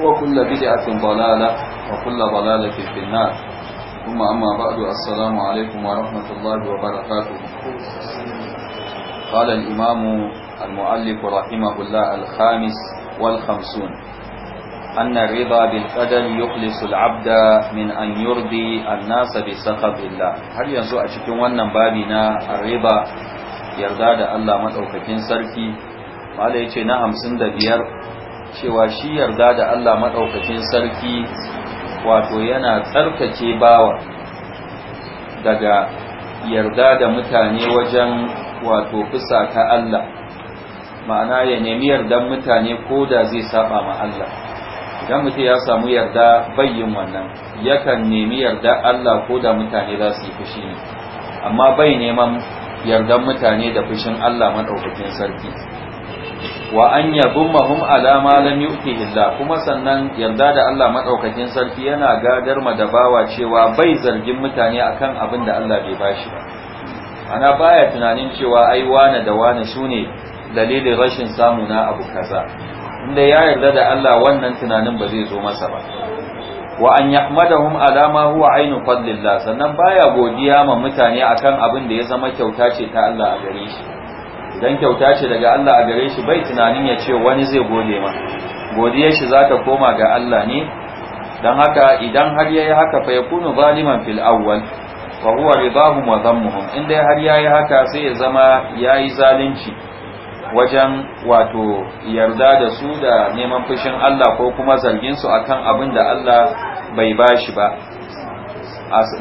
وكل بدعة ضلالة وكل ضلالة في النار ثم أما بعد السلام عليكم ورحمة الله وبركاته قال الإمام المؤلف رحمه الله الخامس والخمسون أن الرضا بالقدر يخلص العبد من أن يرضي الناس بسخط الله هل ينزو أشكي ونن بابنا الرضا يرضى الله مدعوككين سركي قال يتي نعم سند بير cewa shi yarda da Allah maɗaukacin sarki wato yana tsarkake bawa daga yarda da mutane wajen wato fusa ta Allah ma'ana ya nemi yardan mutane ko da zai saba ma Allah idan mutum ya samu yarda bayyin wannan yakan nemi yarda Allah ko da mutane za su yi fushi ne amma bai neman yardan mutane da fushin Allah maɗaukacin sarki wa an yadummahum ala ma lam yu'tihi Allah kuma sannan yarda da Allah madaukakin sarki yana gadar ma cewa bai zargin mutane akan abin da Allah bai bashi ba ana baya tunanin cewa ai wane da wane sune dalilin rashin samu na abu kaza inda ya yarda da Allah wannan tunanin ba zai zo masa ba wa an yahmadahum ala ma huwa ainu fadlillah sannan baya godiya ma mutane akan abin da ya zama kyauta ce ta Allah a gare shi dan kyauta ce daga Allah a gare shi bai tunanin ya ce wani zai gode ma godiya shi za ta koma ga Allah ne dan haka idan har yayi haka fa yakunu zaliman fil awwal wa huwa ridahum wa dhammuhum inda har yayi haka sai ya zama yayi zalunci wajen wato yarda da su da neman fushin Allah ko kuma zargin su akan abin da Allah bai bashi ba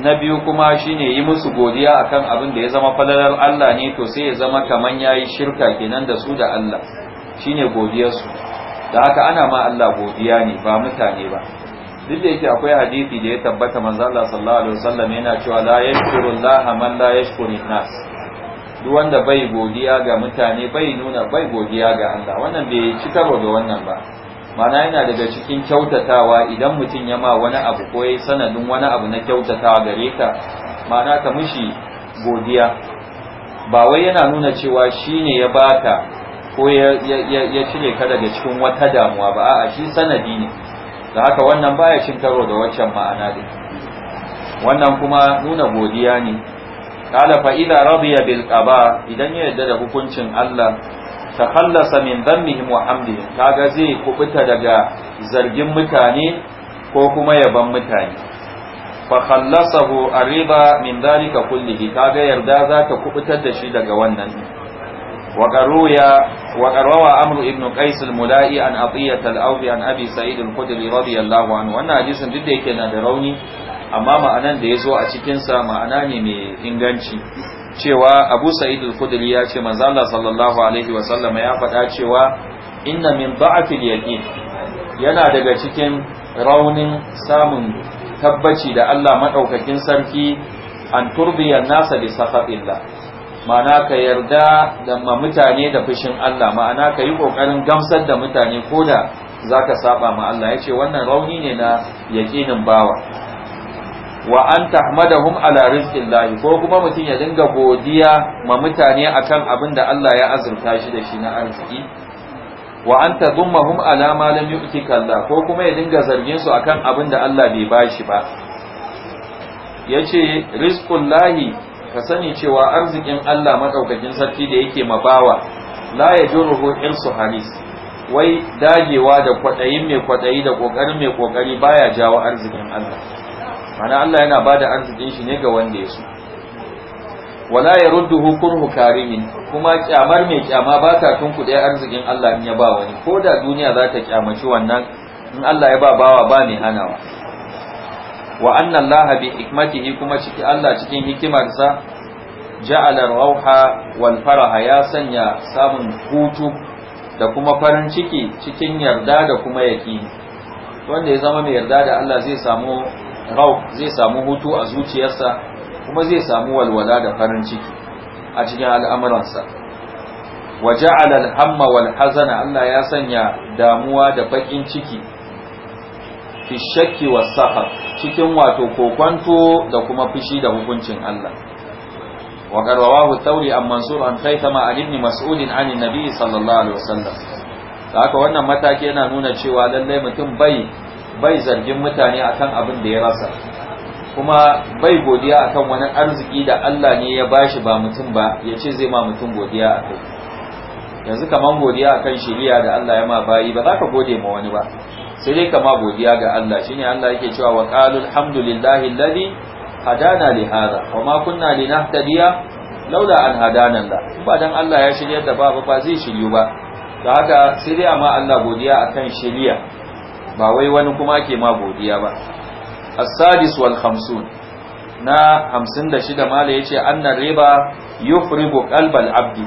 na biyu kuma shine yi musu godiya a kan abin da ya zama falalar Allah ne to sai ya zama kaman yayi shirka kenan da su da Allah shine godiyarsu da haka ana ma Allah godiya ne ba mutane ba duk da yake akwai hadisi da ya tabbata manzo Allah sallallahu alaihi wasallam yana cewa la yashkuru man la yashkuru nas duk wanda bai godiya ga mutane bai nuna bai godiya ga Allah wannan bai ci karo da wannan ba mana yana daga cikin kyautatawa idan mutum ya ma wani abu ko ya sanadin wani abu na kyautatawa gare ka mana ka mishi godiya ba wai yana nuna cewa shi ne ya baka ko ya cire ka daga cikin wata damuwa ba a shi sanadi ne da haka wannan baya cin karo da waccan ma'ana da wannan kuma nuna godiya ne qala fa'iza rabiya ya bil qada idan ya yarda da hukuncin Allah takhallasa min dhammihim wa hamdihim kaga zai kubuta daga zargin mutane ko kuma yaban mutane fa khallasahu ariba min dhalika kullihi kaga yarda za ta kubutar da shi daga wannan wa qaruya wa qarwa amru ibn qais al-mulai an atiyat al-awfi an abi sa'id al-khudri radiyallahu anhu wannan hadisin duk da yake na da rauni amma ma'anan da yazo a cikin sa ma'ana ne mai inganci cewa Abu Sa'id al-Khudri ya ce manzo Allah sallallahu alaihi wa sallama ya faɗa cewa inna min al yaqin yana daga cikin raunin samun tabbaci da Allah madaukakin sarki an turbiya nasa bi safatillah ma'ana ka yarda da ma mutane da fushin Allah ma'ana ka yi kokarin gamsar da mutane koda zaka saba ma Allah yace wannan rauni ne na yaqinin bawa wa an tahmadahum ala rizqillahi ko kuma mutum ya dinga godiya ma mutane akan abin da Allah ya azurta shi da shi na arziki wa an tadummahum ala ma lam yu'tika Allah ko kuma ya dinga zargin su akan abin da Allah bai bashi ba yace Lahi, ka sani cewa arzikin Allah madaukakin sarki da yake mabawa la yajuruhu insu halis wai dagewa da kwadayin mai kwadayi da kokarin mai kokari baya jawo arzikin Allah ma'ana Allah yana bada arzikin shi ne ga wanda ya so wala ya ruddu kurhu karimin kuma kyamar mai kyama ba ta tunkuɗe arzikin Allah in ya ba wani ko da duniya za ta kyamaci wannan in Allah ya ba bawa ba mai hanawa wa annan lahabi hikmatihi kuma ciki Allah cikin hikimarsa ja'ala rauha wal faraha ya sanya samun hutu da kuma farin ciki cikin yarda da kuma yaki wanda ya zama mai yarda da Allah zai samu rau zai samu hutu a zuciyarsa kuma zai samu walwala da farin ciki a cikin al'amuransa waje alal hamma wal hazana Allah ya sanya damuwa da bakin ciki fi shakki wa cikin wato kokwanto da kuma fushi da hukuncin Allah wa garwawahu thauri an mansur an khaitama an ibn mas'ulin an nabi sallallahu alaihi wasallam haka wannan mataki yana nuna cewa lallai mutum bai bai zargin mutane akan abin da ya rasa kuma bai godiya akan wani arziki da Allah ne ya bashi ba mutum ba ya ce zai ma mutum godiya a kai yanzu kaman godiya akan shiriya da Allah ya ma bayi ba za ka gode ma wani ba sai dai kama godiya ga Allah shine Allah yake cewa wa qalu alhamdulillahi alladhi hadana li hada wa ma kunna linahtadiya laula an hadana Allah ba dan Allah ya shiryar da babu ba zai shiryu ba da haka sai dai amma Allah godiya akan shiriya ba wai wani kuma ake ma godiya ba as-sadis wal khamsun na 56 mala yace annar riba yufrigu qalbal abdi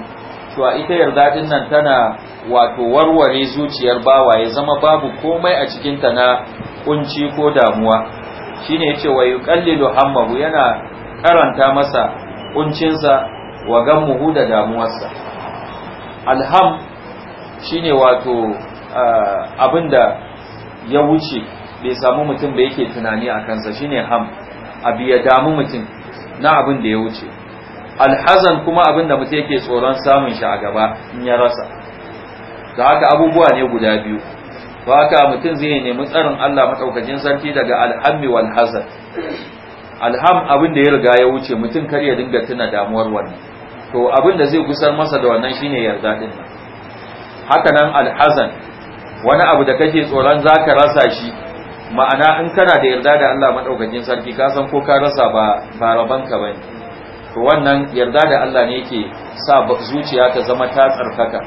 a ita yarda din nan tana wato warware zuciyar bawa ya zama babu komai a cikin ta na kunci ko damuwa shine yace wa yuqallilu hammahu yana karanta masa kuncinsa wa gammuhu da damuwarsa alham shine wato ah, abinda ya wuce bai samu mutum da yake tunani a kansa ne ham abu ya damu mutum na abin da ya wuce alhazan kuma abin da mutum yake tsoron samun shi a gaba in ya rasa da haka abubuwa ne guda biyu ba haka mutum zai nemi tsarin Allah maɗaukacin sarki daga alhammi wal hazan alham abin da ya riga ya wuce mutum kar ya dinga tuna damuwar wani, to abin da zai gusar masa da wannan shine yarda din hakanan haka nan alhazan wani abu da kake tsoron za ka rasa shi ma'ana in kana da yarda da Allah maɗaukakin sarki ka san ko ka rasa ba rabon ba ka ba ne to wannan yarda da Allah ne yake sa zuciya ta zama ta tsarkaka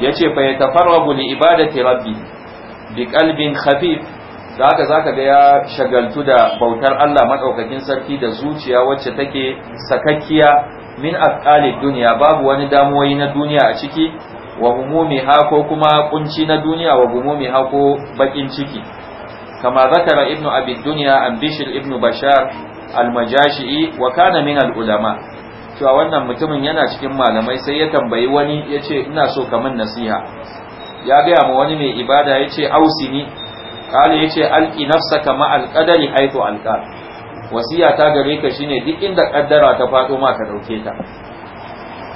ya ce fa ya li ibadati rabbi bi qalbin khafif zaka zaka ga ya shagaltu da bautar Allah maɗaukakin sarki da zuciya wacce take sakakkiya min aqali dunya babu wani damuwoyi na duniya a ciki wa ha ko kuma kunci na duniya wa ha ko bakin ciki kama zakara ibnu abi dunya an bishir ibnu bashar al-majashi'i wa kana min al-ulama cewa wannan mutumin yana cikin malamai sai ya tambayi wani yace ina so ka min nasiha ya gaya ma wani mai ibada yace ausini kale yace alqi nafsaka ma al-qadari haythu alqa wasiya ta gare ka shine duk inda kaddara ta fado ma ka dauke ta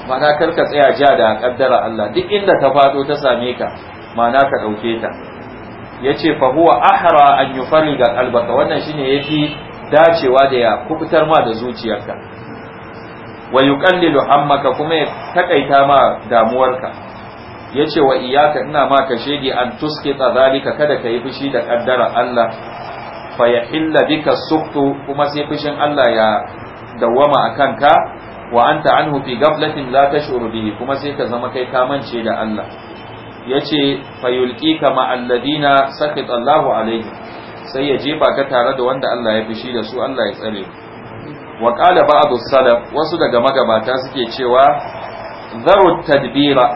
ma'ana kar ka tsaya ja da kaddara Allah duk inda ta fado ta same ka ma'ana ka dauke ta yace fa huwa ahra an yufariga qalbaka wannan shine yafi dacewa da ya kubutar ma da zuciyarka wa yuqallilu hammaka kuma ya takaita ma damuwarka yace wa iyaka ina ma ka shege an tuskita zalika kada ka yi fushi da kaddara Allah fa ya illa bika suktu kuma sai fushin Allah ya dawwama akan ka wa anta anhu fi gaflatin ta tashuru bihi kuma sai ka zama kai ta mance da Allah yace ka ma alladina sakita Allahu alaihi sai ya jefa ka tare da wanda Allah ya fishi da su Allah ya tsare wa qala ba'du salaf wasu daga magabata suke cewa dharu tadbira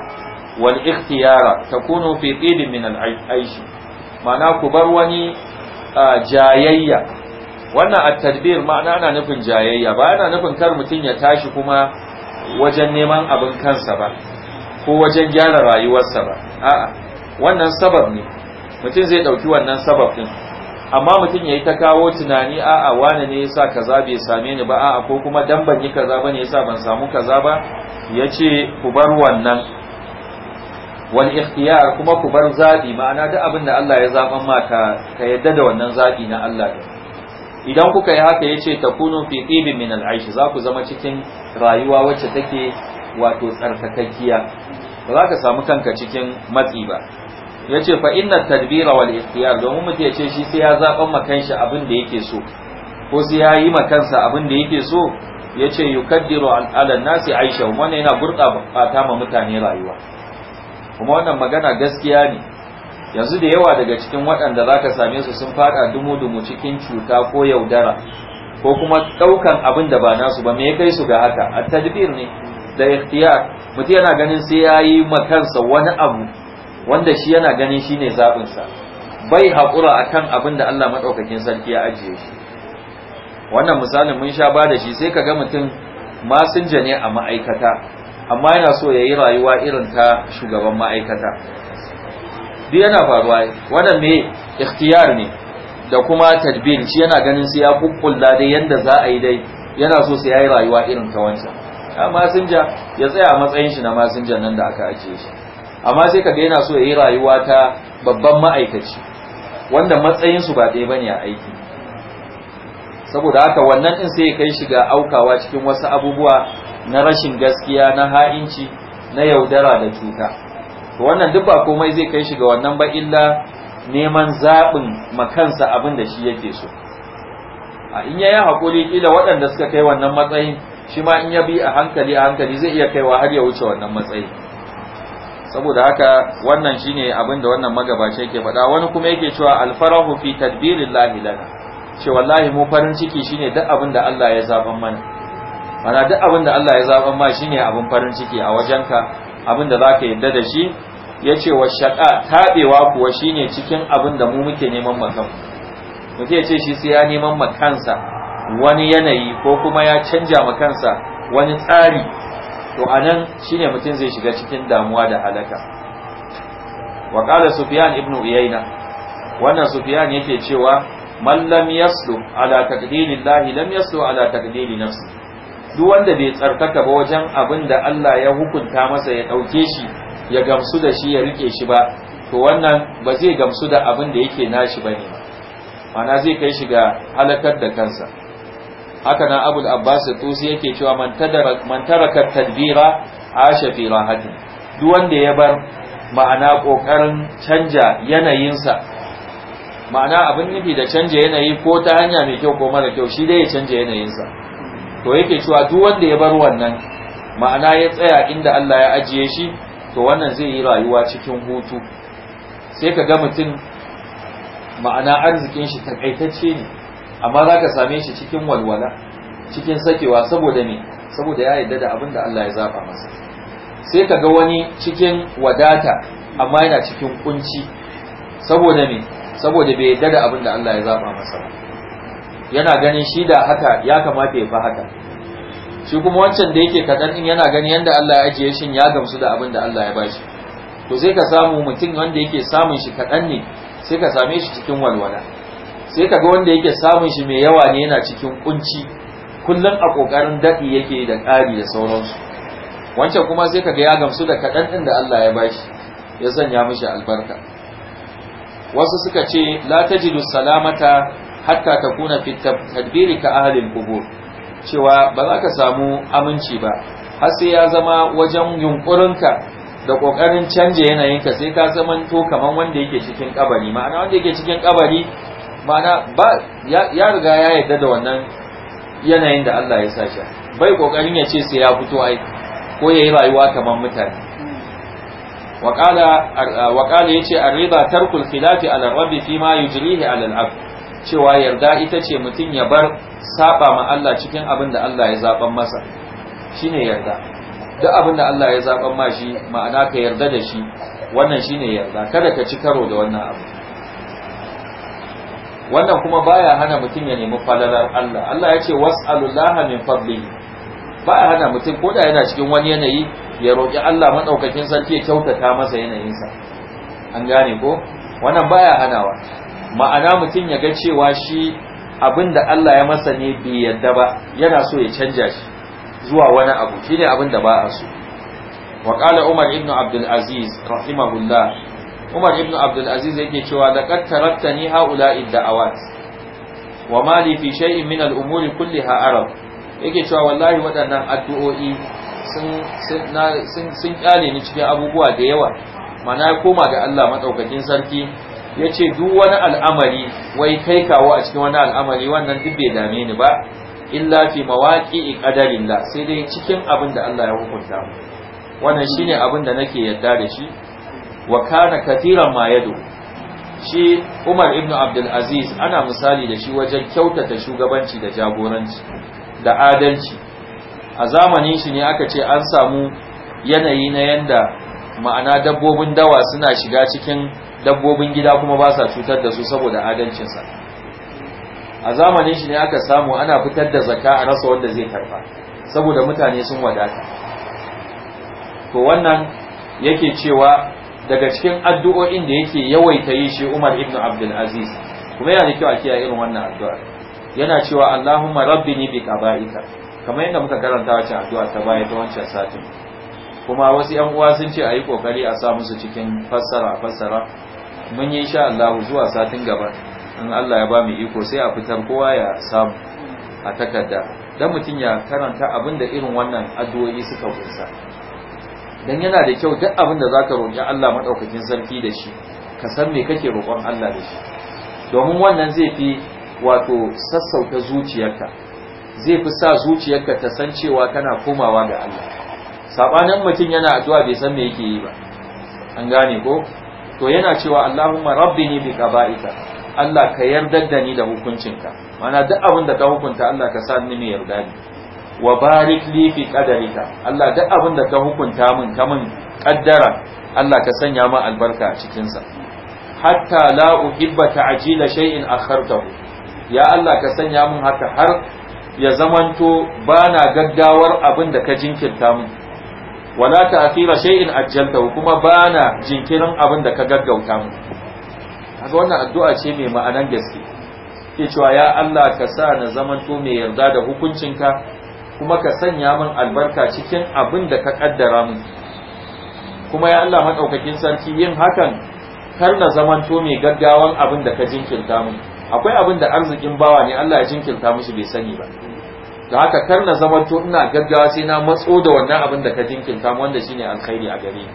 wal ikhtiyara takunu fi qidin min al ma'ana ku bar wani jayayya wannan at-tadbir ma'ana ana nufin jayayya ba ana nufin kar mutum ya tashi kuma wajen neman abin kansa ba ko wajen gyara rayuwarsa ba a'a wannan sabab ne mutum zai dauki wannan sabab din amma mutum yayi ta kawo tunani a'a wani ne yasa kaza bai same ni ba a'a ko kuma dan ban yi kaza bane yasa ban samu kaza ba yace ku bar wannan wal ikhtiyar kuma ku bar zabi ma'ana duk abin da Allah ya zaban maka ka yadda da wannan zabi na Allah din idan kuka yi haka yace takunu fi tibin min al'aish za ku zama cikin rayuwa wacce take wato tsarkakakkiya ba za ka samu kanka cikin matsi ba yace fa inna tadbira wal ikhtiyar domin mutum yace shi sai ya zaban makanshi abin da yake so ko sai ya yi makansa abin da yake so yace yukaddiru ala nasi aisha wannan yana gurɗa ta ma mutane rayuwa kuma wannan magana gaskiya ne yanzu da yawa daga cikin waɗanda za ka same su sun faɗa dumu-dumu cikin cuta ko yaudara ko kuma ɗaukan abin da ba nasu ba me ya kai su ga haka a tadbir ne da ikhtiyar mutum yana ganin sai ya yi makansa wani abu wanda shi yana ganin shi ne zaɓinsa bai haƙura a kan abin da Allah maɗaukakin sarki ya ajiye shi wannan misalin mun sha ba da shi sai ka ga mutum masinja ne a ma'aikata amma yana so ya yi rayuwa irin ta shugaban ma'aikata duk yana faruwa wannan me ikhtiyar ne da kuma tadbir shi yana ganin sai ya kukkulla dai yanda za a yi dai yana so sai yayi rayuwa irin ta wancan a masinja ya tsaya a matsayin shi na masinjan nan da aka ajiye shi amma sai kaga yana so yayi rayuwa ta babban ma'aikaci wanda matsayin su ba ɗaya bane a aiki saboda haka wannan din sai ya kai shi ga aukawa cikin wasu abubuwa na rashin gaskiya na ha'inci na yaudara da cuta to wannan duk ba komai zai kai shi ga wannan ba illa neman zaɓin makansa abin da shi yake so a in yi hakuri kila waɗanda suka kai wannan matsayin shi ma in ya bi a hankali a hankali zai iya kaiwa har ya wuce wannan matsayi saboda haka wannan shine abin da wannan magabace yake faɗa wani kuma yake cewa alfarahu fi tadbirillahi lana ce wallahi mu farin ciki shine duk abin da Allah ya zaban mana mana duk abin da Allah ya zaban ma shine abin farin ciki a wajenka abin da ka yadda da shi ya ce wa shaƙa taɓewa kuwa shine cikin abin da mu muke neman makan mu ya ce shi sai ya neman makansa wani yanayi ko kuma ya canja makansa wani tsari to a nan shine mutum zai shiga cikin damuwa da halaka wa Sufyan sufiyan ibn uyaina wannan sufiyan yake cewa man lam yaslu ala lahi lam yaslu ala taqdiri nafsi duk wanda bai tsarkaka ba wajen abin da Allah ya hukunta masa ya ɗauke shi ya gamsu da shi ya rike shi ba to wannan ba zai gamsu da abin da yake nashi bane mana zai kai shi ga halakar da kansa haka nan abul abbas tusi yake cewa man tadara man taraka tadbira asha fi rahati duk wanda ya bar ma'ana kokarin canja yanayinsa ma'ana abin nufi da canja yanayi ko ta hanya mai kyau ko mara kyau shi dai ya canja yanayinsa to yake cewa duk wanda ya bar wannan ma'ana ya tsaya inda Allah ya ajiye shi to wannan zai yi rayuwa cikin hutu sai ka ga mutum ma'ana arzikin shi takaitacce ne amma za ka same shi cikin walwala cikin sakewa saboda ne saboda ya yadda da abin da Allah ya zaba masa sai ka ga wani cikin wadata amma yana cikin kunci saboda ne saboda bai yadda da abin da Allah ya zaba masa yana ganin shi da haka ya kamata ya fi haka shi kuma wancan da yake kaɗan ɗin yana gani yadda Allah ya ajiye shi ya gamsu da abin da Allah ya bashi to sai ka samu mutum wanda yake samun shi kaɗan ne sai ka same shi cikin walwala sai ka ga wanda yake samun shi mai yawa ne yana cikin kunci kullum a kokarin daɗi yake da ƙari da sauransu wancan kuma sai ka ga ya gamsu da kaɗan ɗin da Allah ya bashi ya sanya mishi albarka wasu suka ce la tajidu salamata hatta takuna fi tadbirika ka ahlil qubur cewa ba za ka samu aminci ba har sai ya zama wajen yunkurinka da kokarin canje yanayinka sai ka zama to kaman wanda yake cikin kabari ma'ana wanda yake cikin kabari ma'ana ba ya riga ya yarda da wannan yanayin da Allah ya sashi bai kokarin ya ce sai ya fito ai ko yayi rayuwa kaman mutane ar ya tarkul khilafi ala rabbi fi ma yujrihi ala al-abd cewa yarda ita ce mutum ya bar saba ma Allah cikin abin da Allah ya zaban masa shine yarda duk abin da Allah ya zaban ma shi ma'ana ka yarda da shi wannan shine yarda kada ka ci karo da wannan abu wannan kuma baya hana mutum ya nemi falalar Allah Allah ya ce was'alullaha min fadlihi baya hana mutum ko da yana cikin wani yanayi ya roƙi Allah madaukakin sarki ya kyautata masa yanayinsa an gane ko wannan baya hanawa ma'ana mutum ya ga cewa shi abin da Allah ya masa ne bai yadda ba yana so ya canja shi zuwa wani abu shine abin da ba a so wa kala umar ibn abdul aziz rahimahullah umar ibn abdul aziz yake cewa laqad ni haula idda'awat wa mali fi shay'in min al-umuri kulliha arab yake cewa wallahi waɗannan addu'o'i sun kyale ni cikin abubuwa da yawa mana ya koma ga Allah madaukakin sarki ya ce duk wani al'amari wai kai kawo a cikin wani al'amari wannan duk bai dame ni ba illa fi mawaƙi ƙadarillah sai dai cikin abin da Allah ya hukunta mu wannan shi ne abin da nake yadda da shi wa kana kathiran ma yadu shi Umar ibn Abdul Aziz ana misali da shi wajen kyautata shugabanci da jagoranci da adalci a zamanin shi ne aka ce an samu yanayi na yanda ma'ana dabbobin dawa suna shiga cikin dabbobin gida kuma ba sa cutar da su saboda adalcinsa a zamanin shi ne aka samu ana fitar da zaka a rasa wanda zai karfa, saboda mutane sun wadata to wannan yake cewa daga cikin addu'o'in da yake yawaita yi shi Umar ibn Abdul Aziz kuma yana da kyau a kiyaye irin wannan addu'a yana cewa Allahumma rabbini bi qaba'ika kamar yadda muka karanta wacce addu'a ta baya ta wancan satin kuma wasu yan uwa sun ce a yi kokari a sa musu cikin fassara fassara mun yi sha Allah zuwa satin gaba in Allah ya ba mu iko sai a fitar kowa ya samu a takarda dan mutun ya karanta abinda irin wannan addu'o'i suka kunsa dan yana da kyau duk abinda zaka roki Allah madaukakin sarki da shi ka san me kake roƙon Allah da shi domin wannan zai fi wato sassauta zuciyarka zai fi sa zuciyarka ta san cewa kana komawa ga Allah sabanin mutum yana addu'a bai san me yake yi ba an gane ko to yana cewa Allahumma rabbini bi qaba'ika Allah ka yarda da ni da hukuncinka mana duk abin da ka hukunta Allah ka sa ni mai yarda ni wa barik li fi qadarika Allah duk abin da ka hukunta min ka min kaddara Allah ka sanya min albarka a cikin sa hatta la uhibba ta'jila shay'in akhartahu ya Allah ka sanya min haka har ya zamanto bana gaggawar abin da ka jinkirta min wala ta akira shay'in ajjalta kuma bana jinkirin abin da ka gaggauta mu kaga wannan addu'a ce mai ma'anan gaske ke cewa ya Allah ka sa na to mai yarda da hukuncinka kuma ka sanya min albarka cikin abin da ka kaddara min kuma ya Allah madaukakin sarki yin hakan kar na zamanto mai gaggawan abin da ka jinkirta min akwai abin da arzikin bawa ne Allah ya jinkirta mishi bai sani ba da haka kar na zamanto ina gaggawa sai na matso da wannan abin da ka jinkirta wanda shine alkhairi a gare ni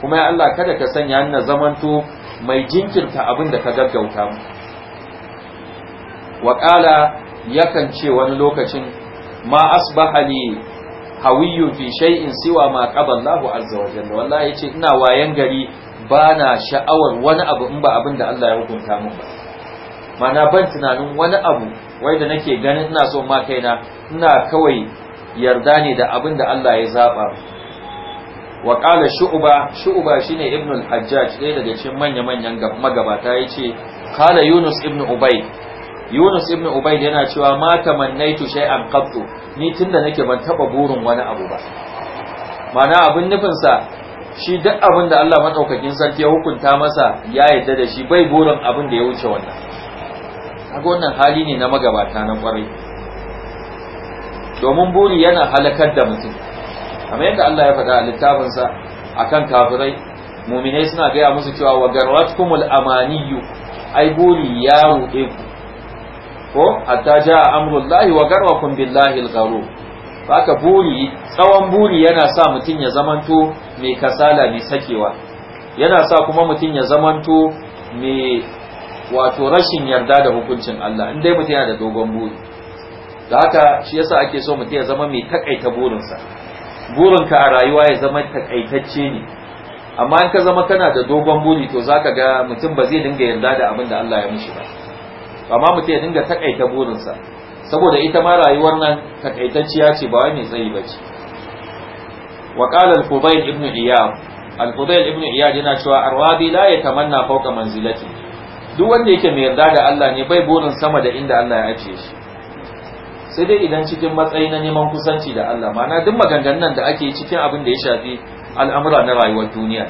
kuma ya Allah kada ka sanya ni na zamanto mai jinkirta abin da ka gaggauta mu wa yakan ce wani lokacin ma asbaha li hawiyyu fi shay'in siwa ma qaballahu azza wa jalla wallahi yace ina wayan gari bana sha'awar wani abu in ba abin da Allah ya hukunta mu ba mana ban tunanin wani abu wai da nake ganin ina so ma kaina ina kawai yarda ne da abin da Allah ya zaba wa qala shu'ba shu'ba shine ibnu al-hajjaj dai daga cikin manya-manyan magabata yace qala yunus ibn ubay yunus ibn ubay yana cewa ma tamannaitu shay'an qattu ni tunda nake ban taba burin wani abu ba mana abin nufin sa shi duk abin da Allah maɗaukakin sarki ya hukunta masa ya yarda da shi bai burin abin da ya wuce wannan kaga wannan hali ne na magabata na kwarai domin buri yana halakar da mutum kamar yadda Allah ya faɗa a littafinsa akan kafirai muminai suna gaya musu cewa wa garwatkumul amaniyu ai buri ya ruɗe ku ko hatta ja amrullahi wa garwakum billahi al haka buri tsawon buri yana sa mutum ya zamanto mai kasala mai sakewa yana sa kuma mutum ya zamanto mai wato rashin yarda da hukuncin Allah in dai mutum yana da dogon buri da haka shi yasa ake so mutum ya zama mai takaita burinsa burinka a rayuwa ya zama takaitacce ne amma in ka zama kana da dogon buri to zaka ga mutum ba zai dinga yarda da abin da Allah ya mishi ba amma mutum ya dinga takaita burinsa saboda ita ma rayuwar nan takaitacciya ce ba wai mai tsayi ba ce wa qala al-fudayl ibn iyad al-fudayl ibn iyad yana cewa arwabi la yatamanna fawqa manzilatihi duk wanda yake mai yarda da Allah ne bai burin sama da inda Allah ya ajiye shi sai dai idan cikin matsayi na neman kusanci da Allah mana duk maganganun nan da ake cikin abin da ya shafi al'amura na rayuwar duniya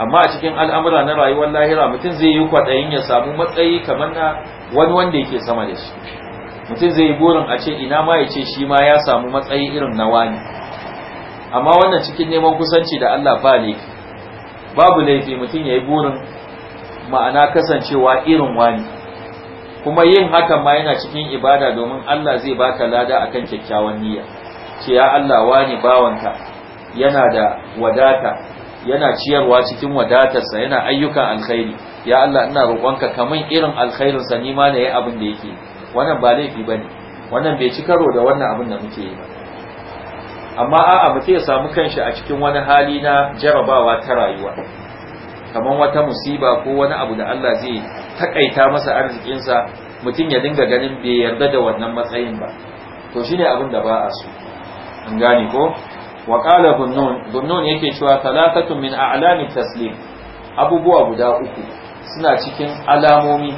amma a cikin al'amura na rayuwar lahira mutum zai yi kwaɗayin ya samu matsayi kamar na wani wanda yake sama da shi mutum zai yi burin a ce ina ma ya ce shi ma ya samu matsayi irin na wani amma wannan cikin neman kusanci da Allah ba laifi babu laifi mutum ya yi burin ma'ana kasancewa irin wani kuma yin hakan ma yana cikin ibada domin Allah zai baka lada akan kyakkyawan niyya ce ya Allah wani bawanka yana da wadata yana ciyarwa cikin wadatarsa yana ayyukan alkhairi ya Allah ina roƙonka kaman irin alkhairinsa ni ma ne abin da yake wannan ba laifi bane wannan bai ci karo da wannan abin da muke yi ba amma a'a muke ya samu kanshi a cikin wani hali na jarabawa ta rayuwa kamar wata musiba ko wani abu da Allah zai takaita masa arzikinsa mutum ya dinga ganin bai yarda da wannan matsayin ba to shine abin da ba a so an gane ko wa qala bunnun bunnun yake cewa talatatu min a'lami taslim abubuwa guda uku suna cikin alamomi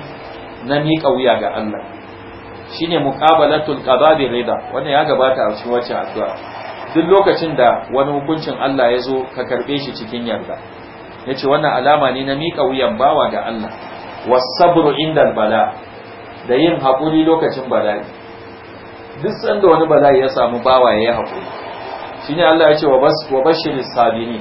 na miƙa wuya ga Allah shine muqabalatul qada bi rida wannan ya gabata a cikin wacce addu'a duk lokacin da wani hukuncin Allah ya zo ka karbe shi cikin yarda yace wannan alama ne na mika wuyan bawa ga Allah wasabru indal bala da yin hakuri lokacin bala'i duk sanda wani bala'i ya samu bawa yayi hakuri shine Allah yace wa bas wa bashir sabini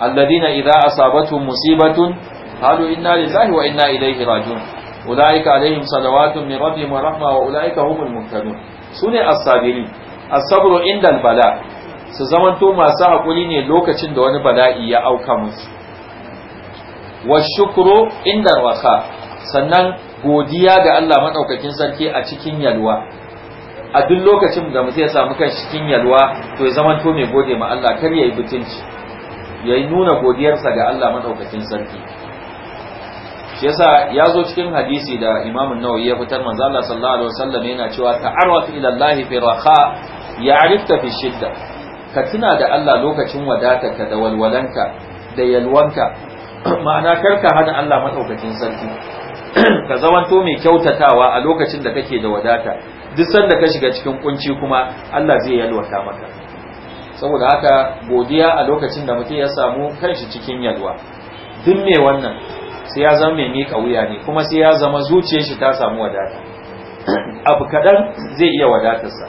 alladina idza asabatu musibatun halu inna lillahi wa inna ilaihi rajiun ulaika alaihim salawatu min rabbihim wa rahma wa ulaika humul muhtadun sune as-sabirin as-sabru indal bala su zamanto masu hakuri ne lokacin da wani bala'i ya auka musu wa shukru inda wasa sannan godiya ga Allah madaukakin sarki a cikin yalwa a duk lokacin da mutum ya samu kan cikin yalwa to ya zama to mai gode ma Allah kar yayi butunci yayi nuna godiyarsa ga Allah madaukakin sarki shi yasa ya zo cikin hadisi da Imam nawa nawawi ya fitar manzo Allah sallallahu alaihi wasallam yana cewa ta'arraf ila Allah fi raha ya'rifta fi shidda ka tuna da Allah lokacin wadatarka da walwalanka da yalwanka ma'ana karka hana Allah madaukakin sarki ka zamanto mai kyautatawa a lokacin da kake da wadata duk sanda ka shiga cikin kunci kuma Allah zai yalwata maka saboda haka godiya a lokacin da mutum ya samu kanshi cikin yalwa duk mai wannan sai ya zama mai mika wuya ne kuma sai ya zama zuciyar shi ta samu wadata abu kaɗan zai iya wadatarsa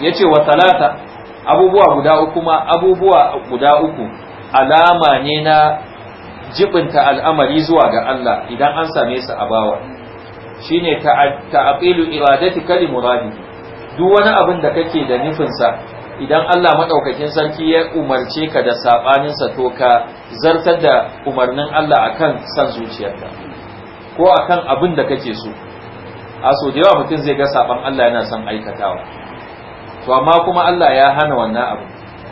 ya ce wa talata abubuwa guda uku ma abubuwa guda uku alama ne na jibinta al'amari zuwa ga Allah idan an same sa a bawa shine ta'aqilu iradati kali muradi duk wani abin da kake da nufinsa idan Allah madaukakin sarki ya umarce ka da saɓaninsa to ka zartar da umarnin Allah akan san zuciyarka ko akan abin da kake so a so da yawa mutum zai ga saban Allah yana son aikatawa to amma kuma Allah ya hana wannan abu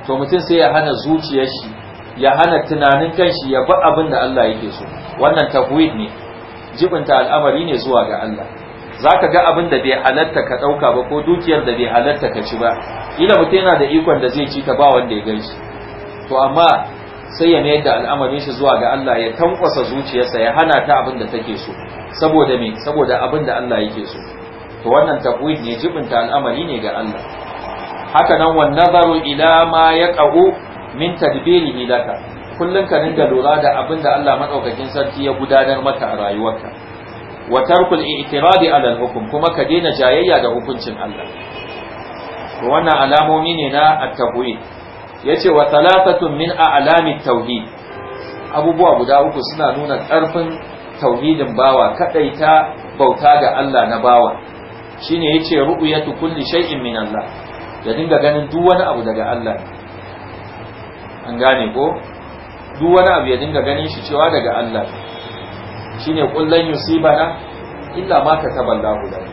to mutum sai ya hana zuciyar shi ya hana tunanin kanshi ya bi abin da Allah yake so wannan tafwid ne jibinta al'amari ne zuwa ga Allah zaka ga abin da bai halarta ka ɗauka ba ko dukiyar da bai halarta ka ci ba ila mutum yana da ikon da zai ci ta ba wanda ya ganshi to amma sai ya mayar da al'amarin shi zuwa ga Allah ya tankwasa zuciyarsa ya hana ta abin da take so saboda me saboda abin da Allah yake so to wannan tafwid ne jibinta al'amari ne ga Allah haka nan wannan nazaru ila ma ya yaqau min tadbirihi laka kullun ka dinga lura da abin da Allah madaukakin sarki ya gudanar maka a rayuwarka wa tarkul i'tiradi ala al-hukm kuma ka daina jayayya da hukuncin Allah to wannan alamomi ne na at-tawhid yace wa thalathatun min a'lami tauhid abubuwa guda uku suna nuna ƙarfin tauhidin bawa kadaita bauta ga Allah na bawa shine yace ru'yatu kulli shay'in min Allah ya dinga ganin duk wani abu daga Allah an gane ko duk wani abu ya dinga ganin shi cewa daga Allah shine kullan yusibana illa ma kataballahu lana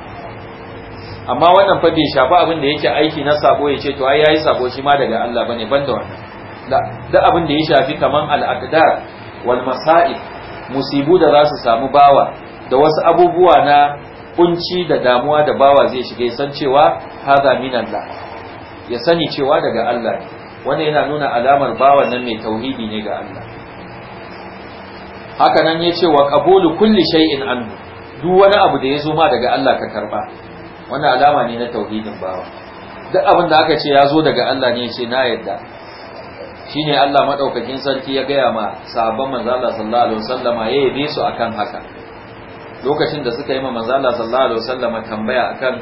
amma wannan fa bai shafi abin da yake aiki na sabo yace to ai yayi sabo shi ma daga Allah bane banda wannan da abin da ya shafi kaman al-aqdar wal masa'ib musibu da za su samu bawa da wasu abubuwa na kunci da damuwa da bawa zai shiga san cewa hadha minallah ya sani cewa daga Allah ne wanda yana nuna alamar bawan nan mai tauhidi ne ga Allah haka nan yace wa qabulu kulli shay'in anhu duk wani abu da ya zo ma daga Allah ka karba wannan alama ne na tauhidin bawa duk abin da aka ce ya zo daga Allah ne yace na yarda shine Allah madaukakin sarki ya gaya ma sahabban manzo Allah sallallahu alaihi wasallama ya yabe su akan haka lokacin da suka yi ma manzo Allah sallallahu alaihi wasallama tambaya akan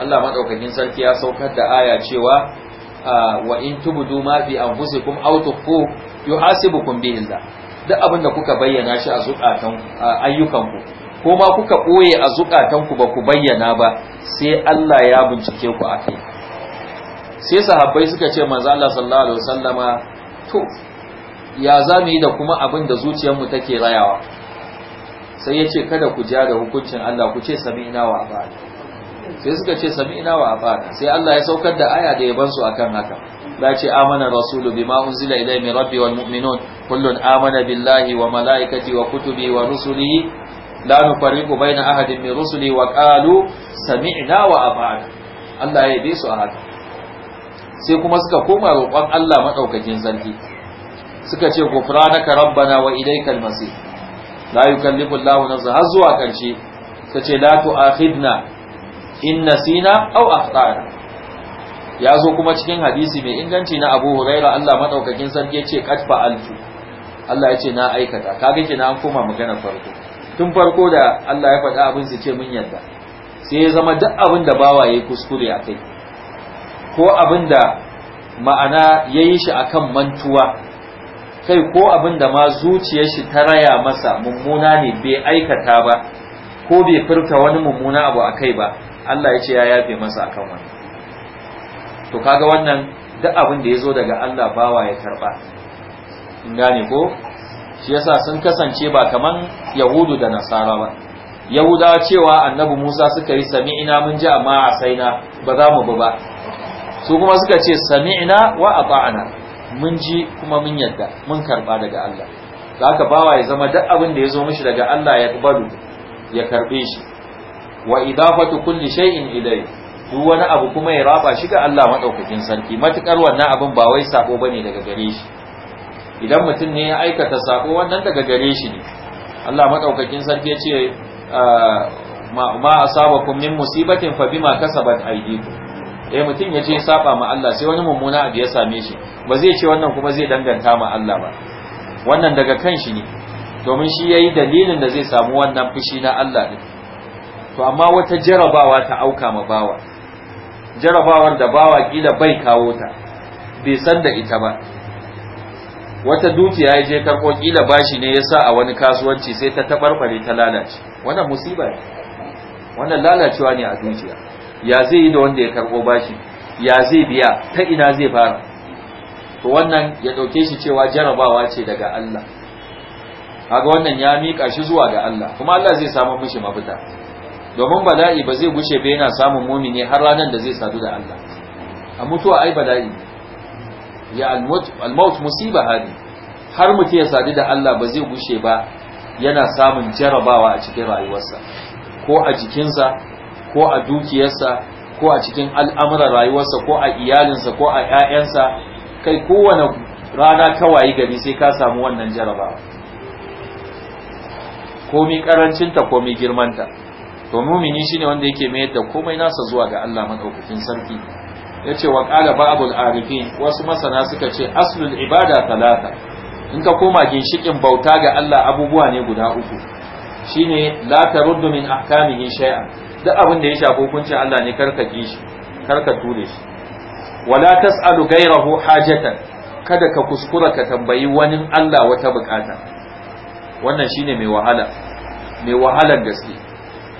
Allah madaukakin sarki ya saukar da aya cewa wa in tubudu ma fi anfusikum aw tukhu yuhasibukum bihi Allah duk abin da kuka bayyana shi a zukatan ku, ko ma kuka boye a zukatanku ba ku bayyana ba sai Allah ya bincike ku kai sai sahabbai suka ce manzo Allah sallallahu alaihi wasallama to ya za yi da kuma abin da mu take rayawa sai yace kada ku ja da hukuncin Allah ku ce sami'na wa abada sai suka ce sami sami'na wa afana sai Allah ya saukar da aya da yaban su akan haka da ce amana rasulu bima unzila ilayhi min rabbi wal mu'minun kullun amana billahi wa malaikati wa kutubi wa rusuli. la nufarriqu baina ahadin min rusuli wa qalu sami'na wa afana Allah ya yabe su a haka sai kuma suka koma roƙon Allah madaukakin sarki suka ce gufranaka rabbana wa ilaykal masir la yukallifu Allahu nafsan har zuwa karshe suka ce la tu'akhidna in nasina aw akhtana ya zo kuma cikin hadisi mai inganci na Abu Huraira Allah madaukakin sarki yace qad fa'altu Allah yace na aikata kaga kina an koma magana farko tun farko da Allah ya faɗa abin su ce mun yadda sai ya zama duk abin da bawa yayi kuskure akai ko abin da ma'ana yayi shi akan mantuwa kai ko abin da ma zuciyar shi ta raya masa mummuna ne bai aikata ba ko bai furta wani mummuna abu akai ba Allah ya ce ya yafe masa akan wannan to kaga wannan duk abin da ya daga Allah bawa ya karba in gane ko shi yasa sun kasance ba kaman yahudu da nasara ba yahudawa cewa annabi musa suka yi sami'ina mun ji amma a saina ba za mu bi ba su kuma suka ce sami'ina wa ata'ana mun ji kuma mun yadda mun karba daga Allah da aka bawa ya zama duk abin da ya zo mishi daga Allah ya kubalu ya karbe shi wa idafatu kulli shay'in ilayhi duk wani abu kuma ya raba shi ga Allah madaukakin sarki matukar wannan abin ba wai sako bane daga gare shi idan mutum ne ya aikata sako wannan daga gare shi ne Allah madaukakin sarki ya ce ah, ma asabakum min musibatin fa bima kasabat aydikum eh mutum ya je saba ma Allah sai wani mummuna abu ya same shi ba zai ce wannan kuma zai danganta ma Allah ba wannan daga kan shi ne domin shi yayi dalilin da zai samu wannan fushi na Allah din to amma wata jarabawa ta auka ma bawa jarabawar da bawa kila bai kawo ta bai san da ita ba wata dukiya ya je karko kila bashi ne yasa a wani kasuwanci sai ta tabarbare ta lalace wannan musiba ne wannan lalacewa ne a dukiya ya zai yi da wanda ya karko bashi ya zai biya ta ina zai fara to wannan ya dauke shi cewa jarabawa ce daga Allah kaga wannan ya mika shi zuwa ga Allah kuma Allah zai samu mishi mafita domin bala'i ba zai guce ba yana samun mumini har ranar da zai sadu da Allah a mutuwa ai bala'i ya almaut musiba hadi har muke ya sadu da Allah ba zai guce ba yana samun jarabawa a cikin rayuwarsa ko a jikinsa ko a dukiyarsa ko a cikin al'amuran rayuwarsa ko a iyalinsa ko a 'ya'yansa kai kowane rana ta wayi gari sai ka samu wannan jarabawa komi karancinta komi girmanta to mumini shine wanda yake mayar da komai nasa zuwa ga Allah madaukakin sarki yace wa qala ba'dul arifin wasu masana suka ce aslul ibada talata in ka koma ginshikin bauta ga Allah abubuwa ne guda uku shine la taruddu min ahkamihi shaya. duk abin da ya shafi hukuncin Allah ne karka ki shi karka ture shi wala tas'alu ghayrahu hajatan kada ka kuskura ka tambayi wani Allah wata bukata wannan shine mai wahala mai wahalar gaske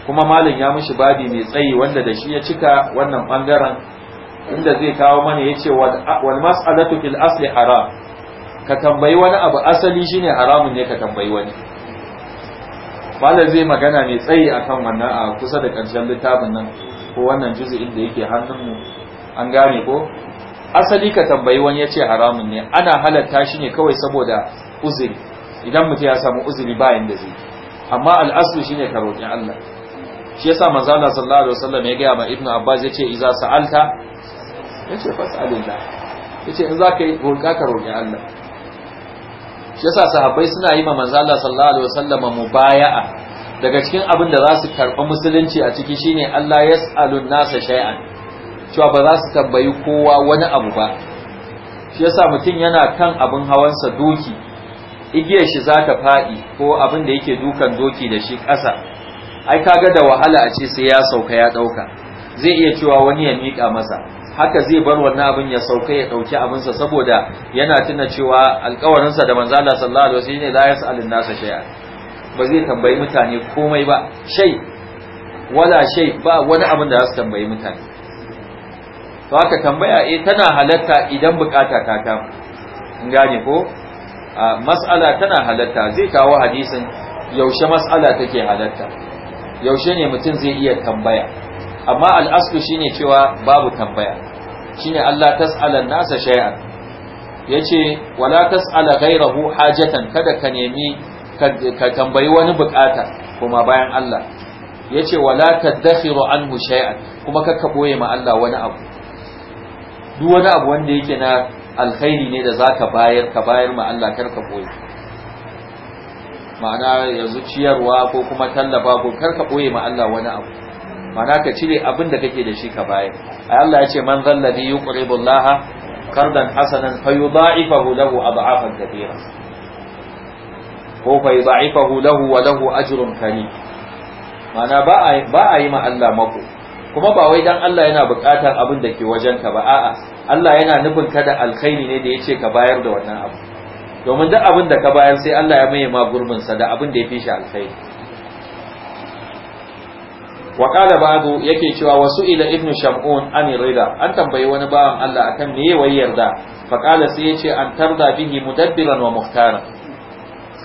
kuma malin ya mishi badi mai tsayi wanda da shi ya cika wannan bangaren inda zai kawo mana ya ce wal mas'alatu fil asli haram ka tambayi wani abu asali shine haramun ne ka tambayi wani malam zai magana mai tsayi akan wannan a kusa da ƙarshen littafin nan ko wannan juzu'in da yake hannunmu an gane ko asali ka tambayi wani ya ce haramun ne ana halatta shi ne kawai saboda uzuri idan mutum ya samu uzuri bayan da zai amma al'aslu shine ka roƙi Allah shi yasa manzo Allah sallallahu alaihi wasallam ya gaya ma ibnu abbas yace idza sa'alta yace fas'alillah yace in zaka yi roƙa ka roƙi Allah shi yasa sahabbai suna yi ma manzo Allah sallallahu alaihi wasallam mubaya'a daga cikin abin da za su karɓa musulunci a ciki shine Allah yas'alun nasa shay'an cewa ba za su tambayi kowa wani abu ba shi yasa mutum yana kan abin hawansa doki igiyar shi za ta faɗi ko abin da yake dukan doki da shi ƙasa ai kaga da wahala a ce sai ya sauka ya dauka zai iya cewa wani ya mika masa haka zai bar wannan abin ya sauka ya dauki abinsa saboda yana tuna cewa alƙawarin sa da manzo Allah sallallahu alaihi wasallam ne la yasalun nasa shay'a ba zai tambayi mutane komai ba shay wala shay ba wani abin da za su tambayi mutane to haka tambaya eh tana halatta idan bukata ta ta in gane ko mas'ala tana halatta zai kawo hadisin yaushe mas'ala take halatta yaushe ne mutum zai iya tambaya amma al'asku shine cewa babu tambaya shine Allah tas'ala nasa shay'an yace wala tas'ala ghayrahu hajatan kada ka nemi ka tambayi wani bukata kuma bayan Allah yace wala tadakhiru anhu shay'an kuma ka boye ma Allah wani abu duk wani abu wanda yake na alkhairi ne da zaka bayar ka bayar ma Allah kar ka boye ma'ana yanzu ciyarwa ko kuma tallafa ko kar ka boye ma Allah wani abu ma'ana ka cire abin da kake da shi ka baya. ai Allah ya ce man zalladhi yuqribu Allah qardan hasanan fayudha'ifahu lahu ad'afan katira ko fayudha'ifahu lahu wa lahu ajrun karim ma'ana ba a yi ma Allah mako kuma ba wai dan Allah yana buƙatar abin da ke wajenka ba a'a Allah yana nufin ka da alkhairi ne da yace ka bayar da wannan abu domin duk abin da ka bayar sai Allah ya maye ma gurbin sa da abin da ya fi shi alkhairi wa qala ba'du yake cewa wasu ila ibn sham'un an rida an tambayi wani bawan Allah akan me yayi yarda fa qala sai yace an tarda bihi mudabbiran wa muhtara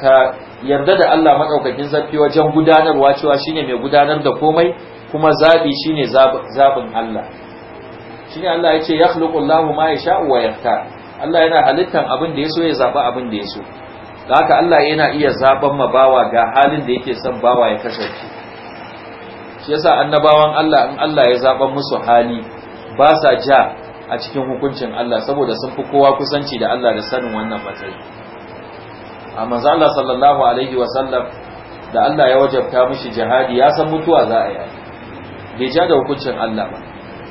ka yarda da Allah madaukakin zafi wajen gudanarwa cewa shine mai gudanar da komai kuma zabi shine zabin Allah shine Allah yace yakhluqu Allahu ma yasha wa yaqtar Allah yana halittan abin da ya so ya zaba abin da ya so da haka Allah yana iya zaban ma bawa ga halin da yake son bawa ya kasance shi yasa annabawan Allah in Allah ya zaban musu hali ba sa ja a cikin hukuncin Allah saboda sun fi kowa kusanci da Allah da sanin wannan matsayi a manzo Allah sallallahu alaihi wa sallam da Allah ya wajabta mishi jihadi ya san mutuwa za a yi bai ja da hukuncin Allah ba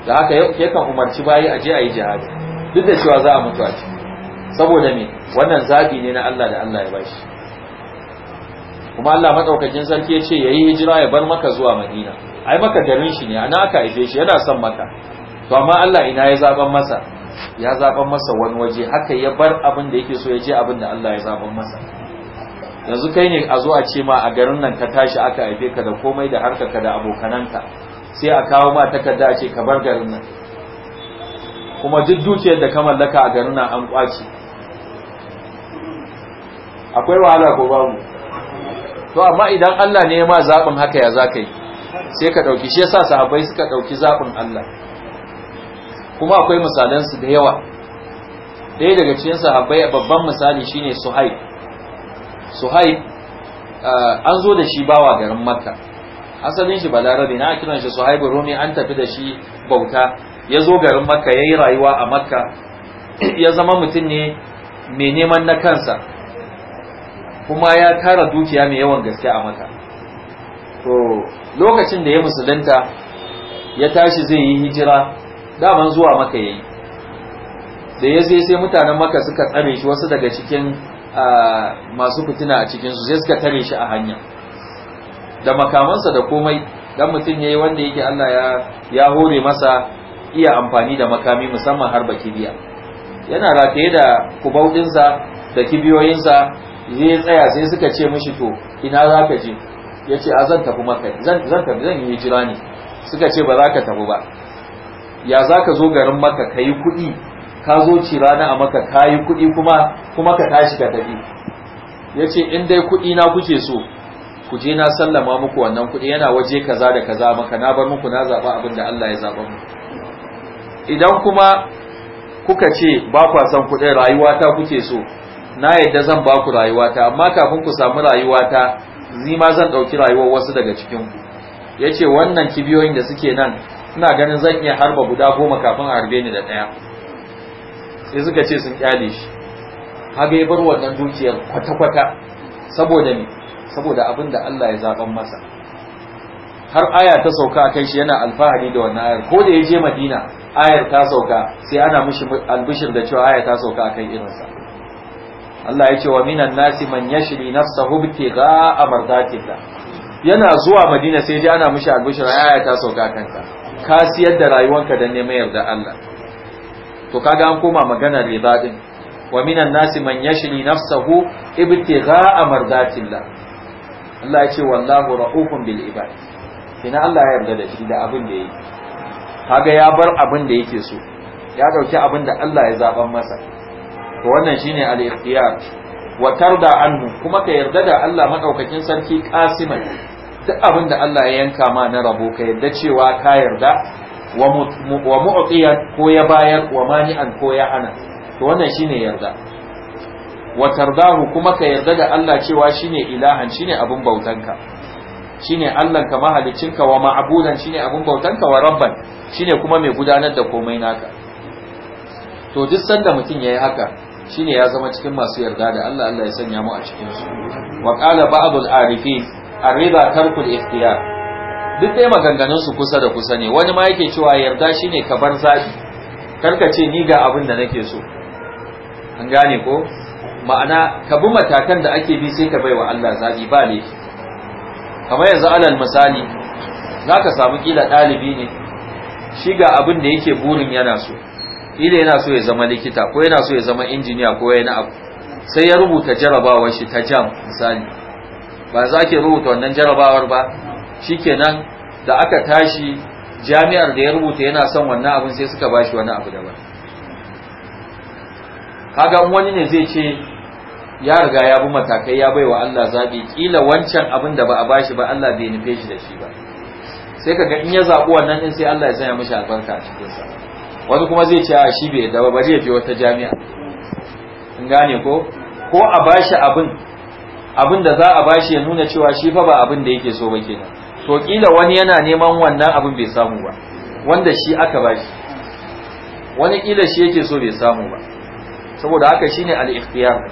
da haka yakan umarci bayi a je a yi jihadi duk da cewa za a mutu a ciki saboda me wannan zabi ne na Allah da Allah ya bashi kuma Allah madaukakin sarki ya ce yayi hijira ya bar maka zuwa Madina ai maka garin shi ne ana aka haife shi yana son maka to amma Allah ina ya zaban masa ya zaban masa wani waje haka ya bar abin da yake so ya je abin da Allah ya zaban masa yanzu kai ne a zo a ce ma a garin nan ka tashi aka haife ka da komai da ka da abokananka sai a kawo ma takarda a ce ka bar garin nan kuma duk dukiyar da ka mallaka a garin nan an kwace akwai wahala ko babu to amma idan Allah ne ya ma zaɓin haka ya zaka yi sai ka ɗauki shi yasa sahabbai suka ɗauki zaɓin Allah kuma akwai su da yawa ɗaya daga cikin sahabbai babban misali shine Suhaib Suhaib eh, an zo da shi bawa garin Makka asalin shi balarabe na kiran shi Suhaib Rumi an tafi da shi bauta ya zo garin makka ya yi rayuwa a makka ya zama mutum ne mai neman na kansa kuma ya tara dukiya mai yawan gaske a makka to lokacin da ya musulunta ya tashi zai yi hijira daman zuwa maka yayi da ya zai sai mutanen maka suka tsare shi wasu daga cikin masu fitina a cikin su sai suka tare shi a hanya da makamansa da komai dan mutum yayi wanda yake Allah ya hore masa iya amfani da makami musamman har ki biya yana rataye da kubaudinsa da kibiyoyinsa zai tsaya sai suka ce mishi to ina za ka je ya a zan tafi maka zan tafi zan yi hijira ne suka ce ba za ka tafi ba ya za ka zo garin maka ka yi kuɗi ka zo ci rana a maka ka yi kuɗi kuma kuma ka tashi ka tafi yace in dai kuɗi na kuce so ku je na sallama muku wannan kuɗi yana waje kaza da kaza maka na bar muku na zaɓa abin da Allah ya zaɓa muku idan kuma kuka ce ba san son kuɗin rayuwata kuke so na yadda zan ba ku rayuwata amma kafin ku samu rayuwata zima zan ɗauki rayuwar wasu daga cikin ku yace wannan kibiyoyin da suke nan ina ganin zan iya harba guda goma kafin a harbe ni da ɗaya sai suka ce sun kyale shi kaga ya bar wannan dukiyar kwata-kwata saboda ne saboda abin da Allah ya zaɓan masa har aya ta sauka a kai shi yana alfahari da wannan ayar ko da ya je madina ayar ta sauka sai ana mishi albishir da cewa ayar ta sauka akan irinsa Allah ya ce wa minan nasi man yashri nafsahu btiqa amardatika yana zuwa Madina sai ji ana mishi albishir ayar ta sauka kanta. ka siyar da rayuwanka dan neman yarda Allah to kaga an koma magana riba din wa minan nasi man yashri nafsahu ibtigha amardatillah Allah ya ce wallahu ra'ufun bil ibad ina Allah ya yarda da shi da abin da yake kaga ya bar abin da yake so ya dauki abin da Allah ya zaban masa to wannan shine al-ikhtiyar wa tarda anhu kuma ka yarda da Allah madaukakin sarki kasiman duk abin da Allah ya yanka ma na rabo ka yarda cewa ka yarda wa mu'tiyan ko ya bayar wa mani'an ko ya hana to wannan shine yarda wa tardahu kuma ka yarda da Allah cewa shine ilahan shine abin bautanka shine Allah ka mahaliccinka wa ma'budan shine abun bautanka wa rabban shine kuma mai gudanar da komai naka to duk sanda mutum yayi haka shine ya zama cikin masu yarda da Allah Allah ya sanya mu a cikin su wa qala ba'dul arifin arida tarkul ikhtiyar duk dai maganganun su kusa da kusa ne wani ma yake cewa yarda shine ka bar zabi karka ce ni ga abin da nake so an gane ko ma'ana ka bi matakan da ake bi sai ka baiwa Allah zabi ba laifi kamar yanzu alal misali zaka samu kila ɗalibi ne shi ga abin da yake burin yana so kila yana so ya zama likita ko yana so ya zama injiniya ko yana abu sai ya rubuta jarabawar shi ta jam misali ba za ke rubuta wannan jarabawar ba shikenan da aka tashi jami'ar da ya rubuta yana son wannan abin sai suka bashi wani abu daban kaga wani ne zai ce ya riga ya bi matakai ya baiwa Allah zabi kila wancan abin da ba a bashi ba Allah bai nufe shi da shi ba sai kaga in ya zabu wannan din sai Allah ya sanya mishi albarka a cikin sa wani kuma zai ce a shi bai da ba bari ya je wata jami'a in gane ko ko a bashi abin abin da za a bashi ya nuna cewa shi fa ba abin da yake so ba kenan to kila wani yana neman wannan abin bai samu ba wanda shi aka bashi wani kila shi yake so bai samu ba saboda haka shine al-ikhtiyar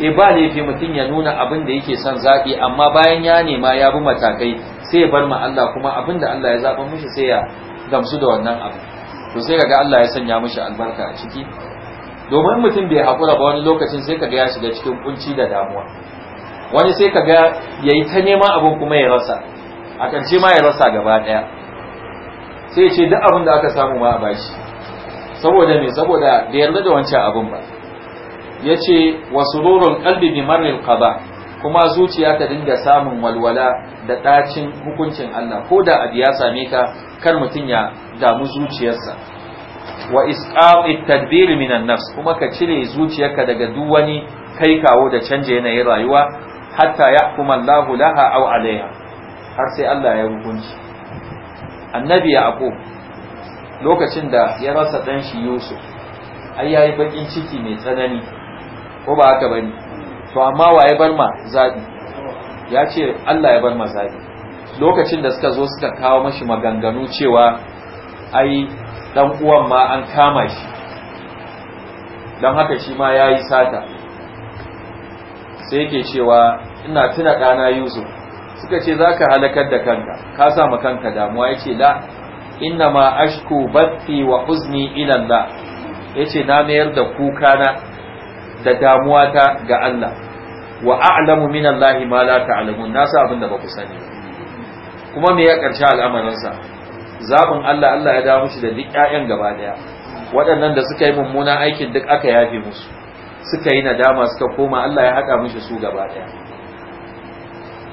e ba laifi mutum ya nuna abin da yake son zaɓi amma bayan ya nema ya bi matakai sai ya bar ma Allah kuma abin da Allah ya zaɓa mishi sai ya gamsu da wannan abu to sai kaga Allah ya sanya mishi albarka a ciki domin mutum bai haƙura ba wani lokacin sai kaga ya shiga cikin kunci da damuwa wani sai kaga yayi ta nema abin kuma ya rasa a ƙarshe ma ya rasa gaba ɗaya sai ya ce duk abin da aka samu ma a bashi saboda me saboda bai yarda da wancan abin ba Ya ce wa roron qalbi bi marril qada kuma zuciya ta dinga samun walwala da ɗacin hukuncin Allah ko da abu ya same ka kar mutum ya damu zuciyarsa wa at tadbir an nafs kuma ka cire zuciyarka daga duk wani kai kawo da canje yanayin rayuwa hatta yahkuma Allah laha aw alaiha har sai Allah ya hukunci annabi yaqo lokacin da ya rasa dan shi Yusuf ai yayi bakin ciki mai tsanani ko ba haka bane to amma wa bar ma zabi ya ce Allah ya bar ma zabi lokacin da suka zo suka kawo mashi maganganu cewa ai dan uwan ma an kama shi dan haka shi ma yayi sata sai yake cewa ina tuna dana Yusuf suka ce zaka halakar da kanka ka sa ma kanka damuwa yace la inna ma ashku batti wa huzni ila Allah yace na mayar da kuka na da damuwa ta ga Allah wa a'lamu min Allah ma la ta'lamun nasa abinda ba ku sani kuma me ya karshe al'amarin sa zabin Allah Allah ya dawo shi da duk ƴaƴan gaba daya waɗannan da suka yi mummunan aikin duk aka yafe musu suka yi nadama suka koma Allah ya haɗa mishi su gaba daya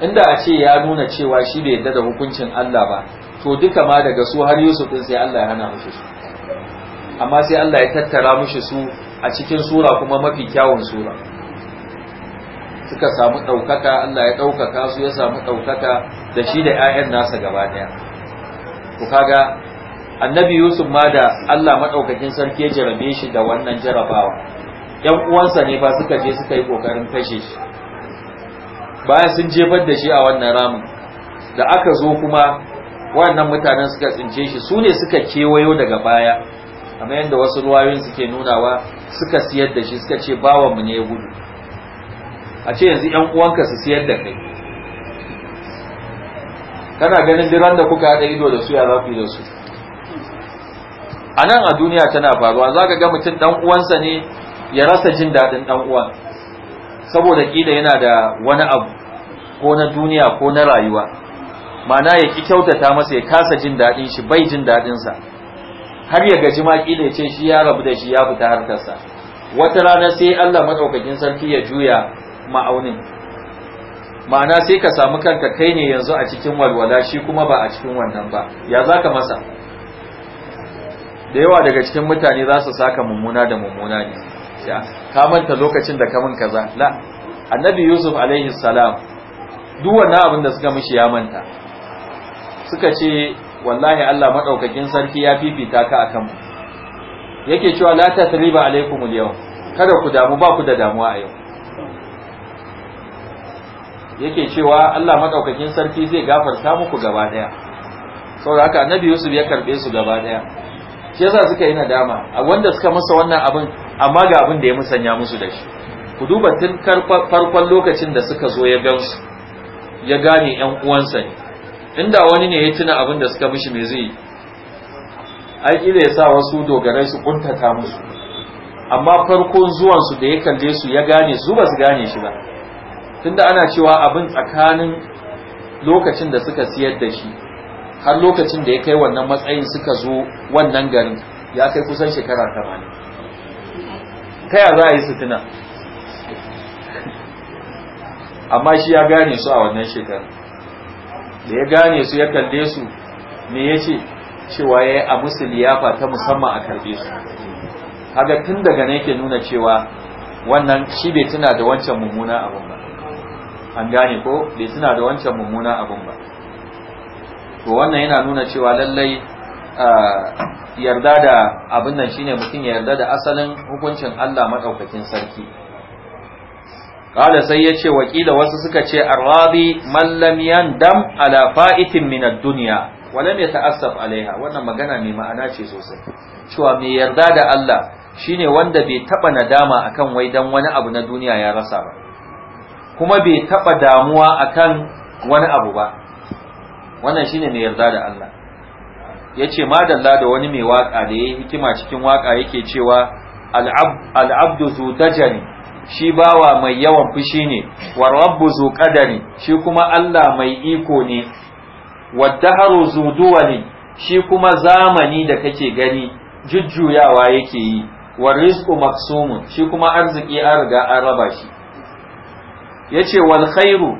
inda a ce ya nuna cewa shi bai yarda da hukuncin Allah ba to duka ma daga su har Yusuf din sai Allah ya hana mishi su amma sai Allah ya tattara mishi su a cikin sura kuma mafi kyawun sura suka samu ɗaukaka Allah ya ɗaukaka su ya samu ɗaukaka da shi da 'ya'yan nasa gaba ɗaya ku kaga annabi yusuf ma da Allah maɗaukakin sarki ya jarabe shi da wannan jarabawa ‘yan uwansa ne ba suka je suka yi ƙoƙarin kashe shi bayan sun jefar da shi a wannan ramin da aka zo kuma wannan mutanen suka tsince shi su ne suka kewayo daga baya kamar yadda wasu ruwayoyin suke nunawa suka siyar da shi suka ce bawan mu ne ya gudu a ce yanzu yan uwanka su siyar da kai kana ganin diran da kuka haɗa ido da su ya zafi da su a nan a duniya tana faruwa za ka ga mutum ɗan uwansa ne ya rasa jin daɗin ɗan uwan saboda ƙila yana da wani abu ko na duniya ko na rayuwa ma'ana ya ƙi kyautata masa ya kasa jin daɗin shi bai jin daɗinsa har ya gaji ma ne ce shi ya rabu da shi ya fita harkarsa wata rana sai Allah madaukakin sarki ya juya ma'aunin ma'ana sai ka samu kanka kai ne yanzu a cikin walwala shi kuma ba a cikin wannan ba ya zaka masa da yawa daga cikin mutane za su saka mummuna da mummuna ne ka manta lokacin da kamun kaza la annabi yusuf alaihi salam duk wannan abin da suka mishi ya manta suka ce wallahi Allah madaukakin sarki ya fifita ka akan mu yake cewa la tasriba alaikum al-yawm kada ku damu ba ku da damuwa a yau yake cewa Allah madaukakin sarki zai gafarta muku gaba daya saboda haka annabi Yusuf ya karbe su gaba daya shi yasa suka yi nadama a wanda suka masa wannan abin amma ga abin da ya musanya musu da shi ku duba tun farkon lokacin da suka zo ya gansu ya gane yan uwansa ne inda wani ne ya tuna abin da suka mishi mai zai aiki da ya sa wasu dogarai su kuntata musu amma farkon zuwansu da ya kalle su ya gane su ba su gane shi ba tunda ana cewa abin tsakanin lokacin da suka siyar da shi har lokacin da ya kai wannan matsayin suka zo wannan garin ya kai kusan shekara ta ba ta ya za a yi su tuna amma shi ya gane su a wannan shekarar da ya gane su ya kalle su me ya ce cewa ya yi a musu liyafa ta musamman a karbe su kaga tun daga ne ke nuna cewa wannan shi bai tuna da wancan mummuna abun ba an gane ko bai tuna da wancan mummuna abun ba to wannan yana nuna cewa lallai yarda da abin nan shine mutum ya yarda da asalin hukuncin Allah maɗaukakin sarki kala sai ya ce wakila wasu suka ce arabi man lam yandam ala fa'itin min ad-dunya wa lam yata'assaf alaiha wannan magana mai ma'ana ce sosai cewa mai yarda da Allah shine wanda bai taba nadama akan wai dan wani abu na duniya ya rasa ba kuma bai taba damuwa akan wani abu ba wannan shine mai yarda da Allah yace madalla da wani mai waka da yayi hikima cikin waka yake cewa al'abdu zutajani al shi bawa mai yawan fushi ne wa rabbu zu qadari shi kuma Allah mai iko ne wa daharu zu duwali shi kuma zamani da kake gani jujjuyawa yake yi wa rizqu maqsumun shi kuma arziki an riga an raba shi yace wal khairu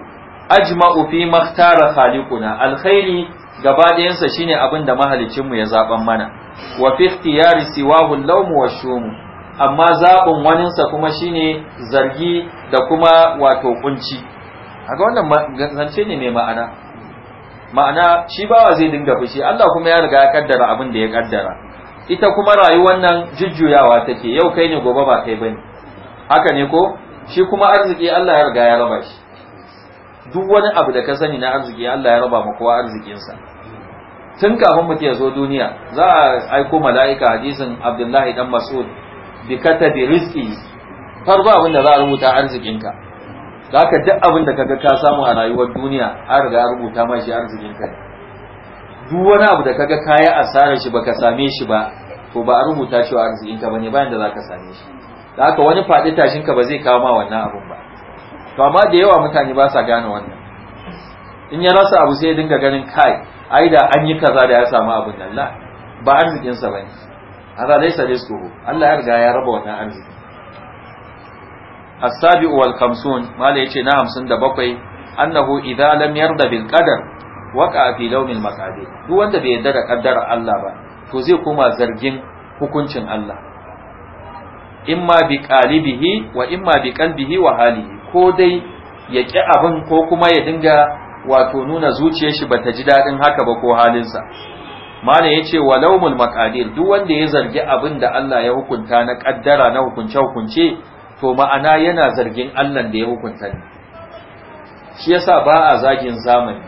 ajma'u fi makhtara khaliquna alkhairi gaba ɗayansa shine abin da mahalicin mu ya zaban mana wa fi ikhtiyari siwahu al-lawm wa shumu amma zaɓin waninsa kuma shine zargi da kuma wato kunci haka wannan zance ne mai ma'ana ma'ana shi bawa zai dinga fushi Allah kuma ya riga ya kaddara abin da ya kaddara ita kuma rayuwar nan jujjuyawa take yau kai ne gobe ba kai bane haka ne ko shi kuma arziki Allah ya riga ya raba shi duk wani abu da ka sani na arziki Allah ya raba ma kowa arzikinsa tun kafin mutum ya zo duniya za a aiko mala'ika hadisin abdullahi dan mas'ud bi katabi rizqi ba abin da za a rubuta arzikinka zaka duk abin da kaga ka samu a rayuwar duniya an riga rubuta ma shi arzikinka duk wani abu da kaga yi asarar shi baka same shi ba to ba a rubuta shi arzikinka bane bayan da zaka same shi haka wani faɗi tashin ka ba zai kawo ma wannan abun ba to amma da yawa mutane ba sa gane wannan in ya rasa abu sai ya dinga ganin kai ai da an yi kaza da ya samu abin nan la ba arzikinsa bane hada laysa rizquhu Allah ya riga ya raba wannan arziki as-sabi'u wal khamsun mala yace na 57 annahu idza lam da bil qadar waqa fi lawmil maqadir duk wanda bai yarda da kaddara Allah ba to zai koma zargin hukuncin Allah imma bi qalibihi wa imma ko dai ya ki abin ko kuma ya dinga wato nuna zuciyar shi bata ji daɗin haka ba ko halinsa Mana ce yace walaumul maqadir duk wanda ya zargi abin da Allah ya hukunta na kaddara na hukunce hukunce to ma'ana yana zargin Allah da ya hukunta ne shi yasa ba a zagin zamani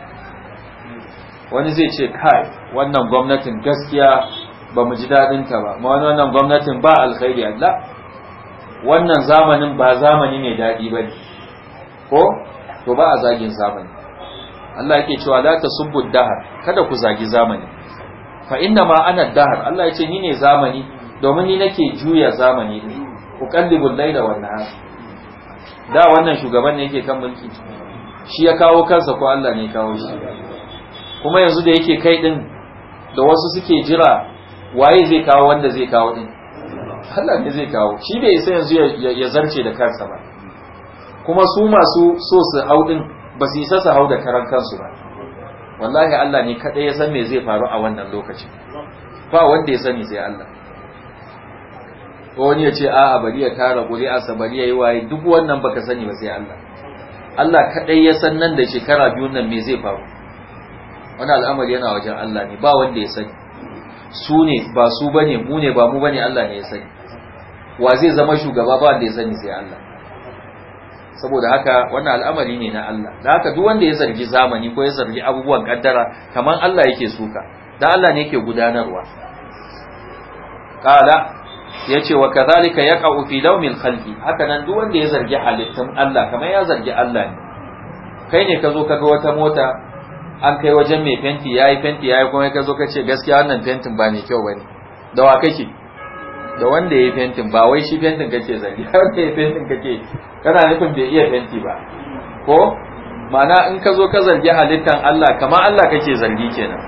wani zai ce kai wannan gwamnatin gaskiya ba mu ji dadin ta ba wannan gwamnatin ba alkhairi Allah wannan zamanin ba zamani ne dadi ne, ko to ba a zagin zamani Allah yake cewa la tasubbu dahar kada ku zagi zamani fa inna ma ana dahar Allah ya ce ni ne zamani domin ni nake juya zamani din kallibu laila wa nahar da wannan shugaban ne yake kan mulki shi ya kawo kansa ko Allah ne ya kawo shi kuma yanzu da yake kai din da wasu suke jira waye zai kawo wanda zai kawo din Allah ne zai kawo shi bai isa yanzu ya zarce da kansa ba kuma su masu so su hau din ba su isa su hau da karan kansu ba wallahi Allah ne kadai ya san me zai faru a wannan lokaci ba wanda ya sani sai Allah ko wani ya ce a'a bari ya tara ƙuri'arsa bari ya yi waye duk wannan baka sani ba sai Allah Allah kadai ya san nan da shekara biyu nan me zai faru wani al'amari yana wajen Allah ne ba wanda ya sani su ne ba su bane mu ne ba mu bane Allah ne ya sani wa zai zama shugaba ba wanda ya sani sai Allah saboda haka wannan al'amari ne na Allah da haka duk wanda ya zargi zamani ko ya zargi abubuwan kaddara kamar Allah yake suka da Allah ne yake gudanarwa kala yace wa kadhalika ya fi laumin khalqi haka nan duk wanda ya zargi halittun Allah kamar ya zargi Allah ne kai ne ka zo ka ga wata mota an kai wajen mai fenti yayi fenti yayi kuma ka zo ka ce gaskiya wannan fentin ba ne kyau bane da wa kake da wanda ya yi fentin ba wai shi fentin kace zargi wanda ya yi fentin kace kana nufin bai iya fenti ba ko ma'ana in ka zo ka zargi halittan Allah kama Allah kake zargi kenan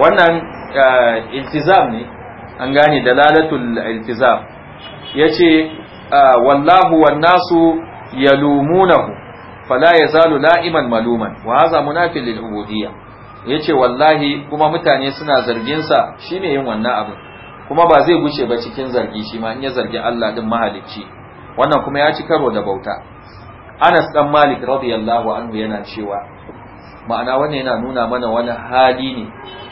wannan eh, iltizam ne an gane dalalatul iltizam yace eh, wallahu wan nasu yalumunahu fala yazalu la'iman maluman wa hadha munafil lil Ya yace wallahi kuma mutane suna zargin sa shine yin wannan abin kuma ba zai gushe ba cikin zargi shi ma in ya zargi Allah din mahalicci wannan kuma ya ci karo da bauta Anas dan Malik radiyallahu anhu yana cewa ma'ana wannan yana nuna mana wani hali ne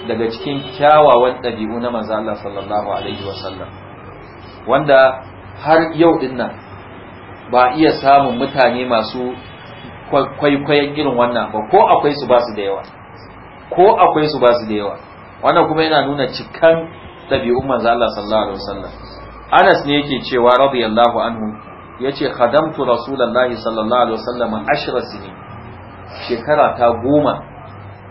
daga cikin kyawawan dabi'u na manzo Allah sallallahu alaihi wasallam wanda har yau din nan ba iya samun mutane masu kwaikwayon irin wannan ba ko akwai su ba su da yawa ko akwai su ba su da yawa wannan kuma yana nuna cikan ɗabi'un manzo Allah sallallahu alaihi wasallam Anas ne yake cewa radiyallahu anhu yace khadamtu rasulullahi sallallahu alaihi wasallam ashra sinin shekara ta goma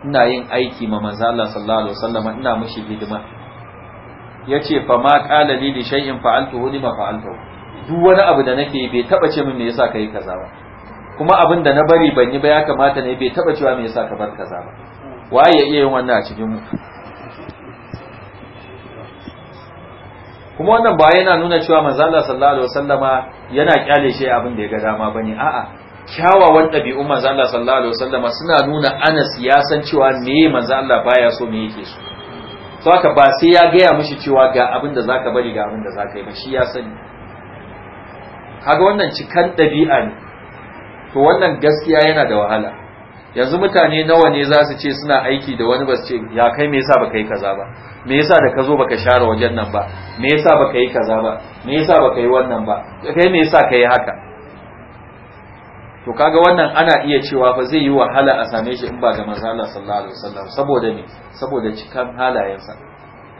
ina yin aiki ma manzo Allah sallallahu alaihi wasallam ina mishi hidima yace fa ma qala li li shay'in fa'altuhu lima fa'altuhu duk wani abu da nake bai taba ce min me yasa kai kaza ba kuma abin da na bari ban yi ba ya kamata ne bai taba cewa me yasa ka bar kaza ba waye iya yin wannan a cikin mu kuma wannan ba yana nuna cewa manzala sallallahu alaihi wasallama yana kyale shi abin da ya ga dama bane a'a kyawawan ɗabi'un Allah sallallahu alaihi wasallama suna nuna ana ya san cewa me Allah baya so me yake so to haka ba sai ya gaya mishi cewa ga abin da zaka bari ga abin da zaka yi ba shi ya sani kaga wannan cikan ɗabi'a ne to wannan gaskiya yana da wahala yanzu mutane nawa ne za su ce suna aiki da wani ba su ce ya kai me yasa baka yi kaza ba me yasa da ka zo baka share wajen nan ba me yasa baka yi kaza ba me yasa baka yi wannan ba kai me yasa kai haka to kaga wannan ana iya cewa fa zai yi wahala a same shi in ba da manzo Allah sallallahu alaihi wasallam saboda ne saboda cikan halayensa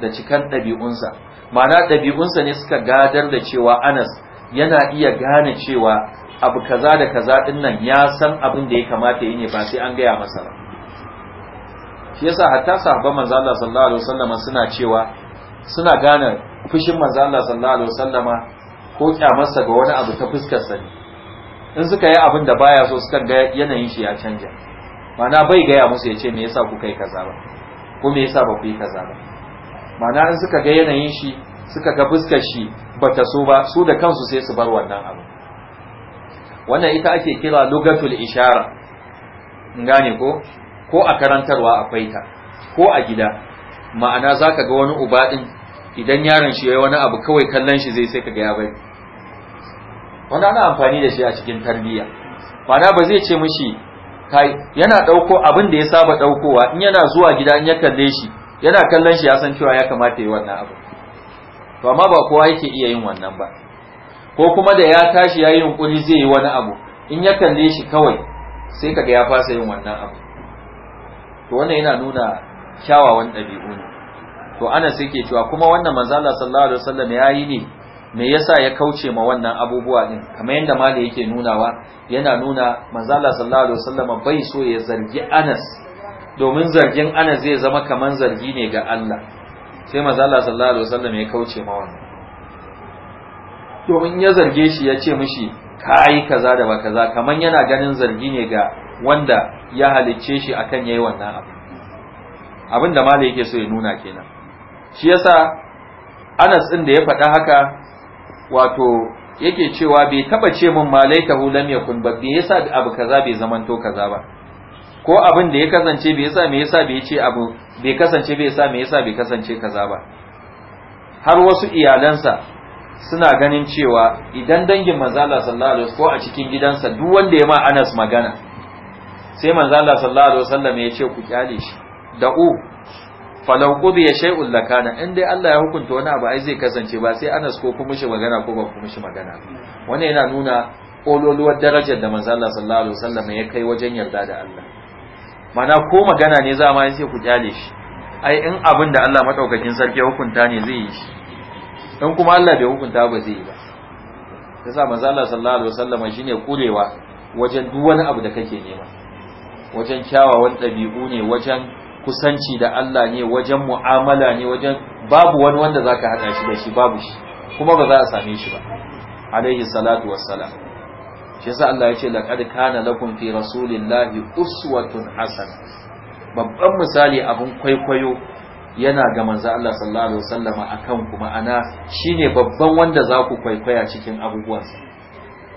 da cikan ɗabi'unsa ma'ana ɗabi'unsa ne suka gadar da cewa Anas yana iya gane cewa abu kaza da kaza din nan ya san abin da ya kamata yi ne ba sai an gaya masa ba shi yasa hatta sahabban manzo Allah sallallahu alaihi wasallama suna cewa suna gane fushin manzo Allah sallallahu alaihi wasallama ko kyamarsa ga wani abu ta fuskar sa ne in suka yi abin da baya so suka ga yanayin shi ya canja mana bai gaya musu ya ce me yasa kuka yi kaza ba ko me yasa ba ku yi kaza ba mana in suka ga yanayin shi suka ga fuskar shi bata so ba su da kansu sai su bar wannan abu wannan ita ake kira lugatul ishara ngane gane ko ko a karantarwa akwai ta ko a gida ma'ana za ka ga wani uba idan yaron shi yayi wani abu kawai kallon shi zai sai ka ga ya bari wani ana amfani da shi a cikin tarbiyya ma'ana ba zai ce mishi kai yana ɗauko abin da ya saba ɗaukowa in yana zuwa gida in ya kalle shi yana kallon shi ya san cewa ya kamata ya wannan abu to amma ba kowa yake iya yin wannan ba ko kuma da ya tashi ya yi yunkuri zai yi wani abu in ya kalle shi kawai sai ka ga ya fasa yin wannan abu to wannan yana nuna kyawawan ɗabi'u ne to ana sai ke cewa kuma wannan manzala sallallahu alaihi wasallam yayi ne me yasa ya kauce ma wannan abubuwa din kamar yadda malai yake nunawa yana nuna manzala sallallahu alaihi wasallam bai so ya zargi Anas domin zargin Anas zai zama kamar zargi ne ga Allah sai manzala sallallahu alaihi wasallam ya kauce ma wannan domin ya zarge shi ya ce mishi kai kaza da ba kaza kaman yana ganin zargi ne ga wanda ya halicce shi akan yayi wannan abu abin da malai yake so ya nuna kenan shi yasa Anas din da ya faɗa haka wato yake cewa bai taba ce min malaitahu lam yakun ba bai yasa abu kaza bai to kaza ba ko abin da ya kasance bai yasa me yasa bai ce abu bai kasance bai yasa me yasa bai kasance kaza ba har wasu iyalansa suna ganin cewa idan dangin manzala sallallahu alaihi ko a cikin gidansa duk wanda ya ma Anas magana sai manzo Allah sallallahu alaihi wasallam ya ce ku kyale shi da'u falau ya shay'u lakana in dai Allah ya hukunta wani abu ai zai kasance ba sai Anas ko kuma shi magana ko ba kuma shi magana wannan yana nuna ololuwar darajar da manzo Allah sallallahu alaihi wasallam ya kai wajen yarda da Allah mana ko magana ne za ma ya ce ku kyale shi ai in abin da Allah madaukakin sarki ya hukunta ne zai yi shi in kuma Allah bai hukunta ba zai yi ba yasa manzo Allah sallallahu alaihi wasallam shine kurewa wajen duk wani abu da kake nema wajen kyawawan ɗabi'u ne wajen kusanci da Allah ne wajen mu'amala ne wajen babu wani wanda za ka haɗa shi da shi babu shi kuma ba za a same shi ba alaihi salatu wassalam shi yasa Allah ya ce laqad kana lakum fi rasulillahi uswatun hasana babban misali abun kwaikwayo yana ga manza Allah sallallahu alaihi wasallama akan kuma ana shine babban wanda za ku kwaikwaya cikin abubuwansa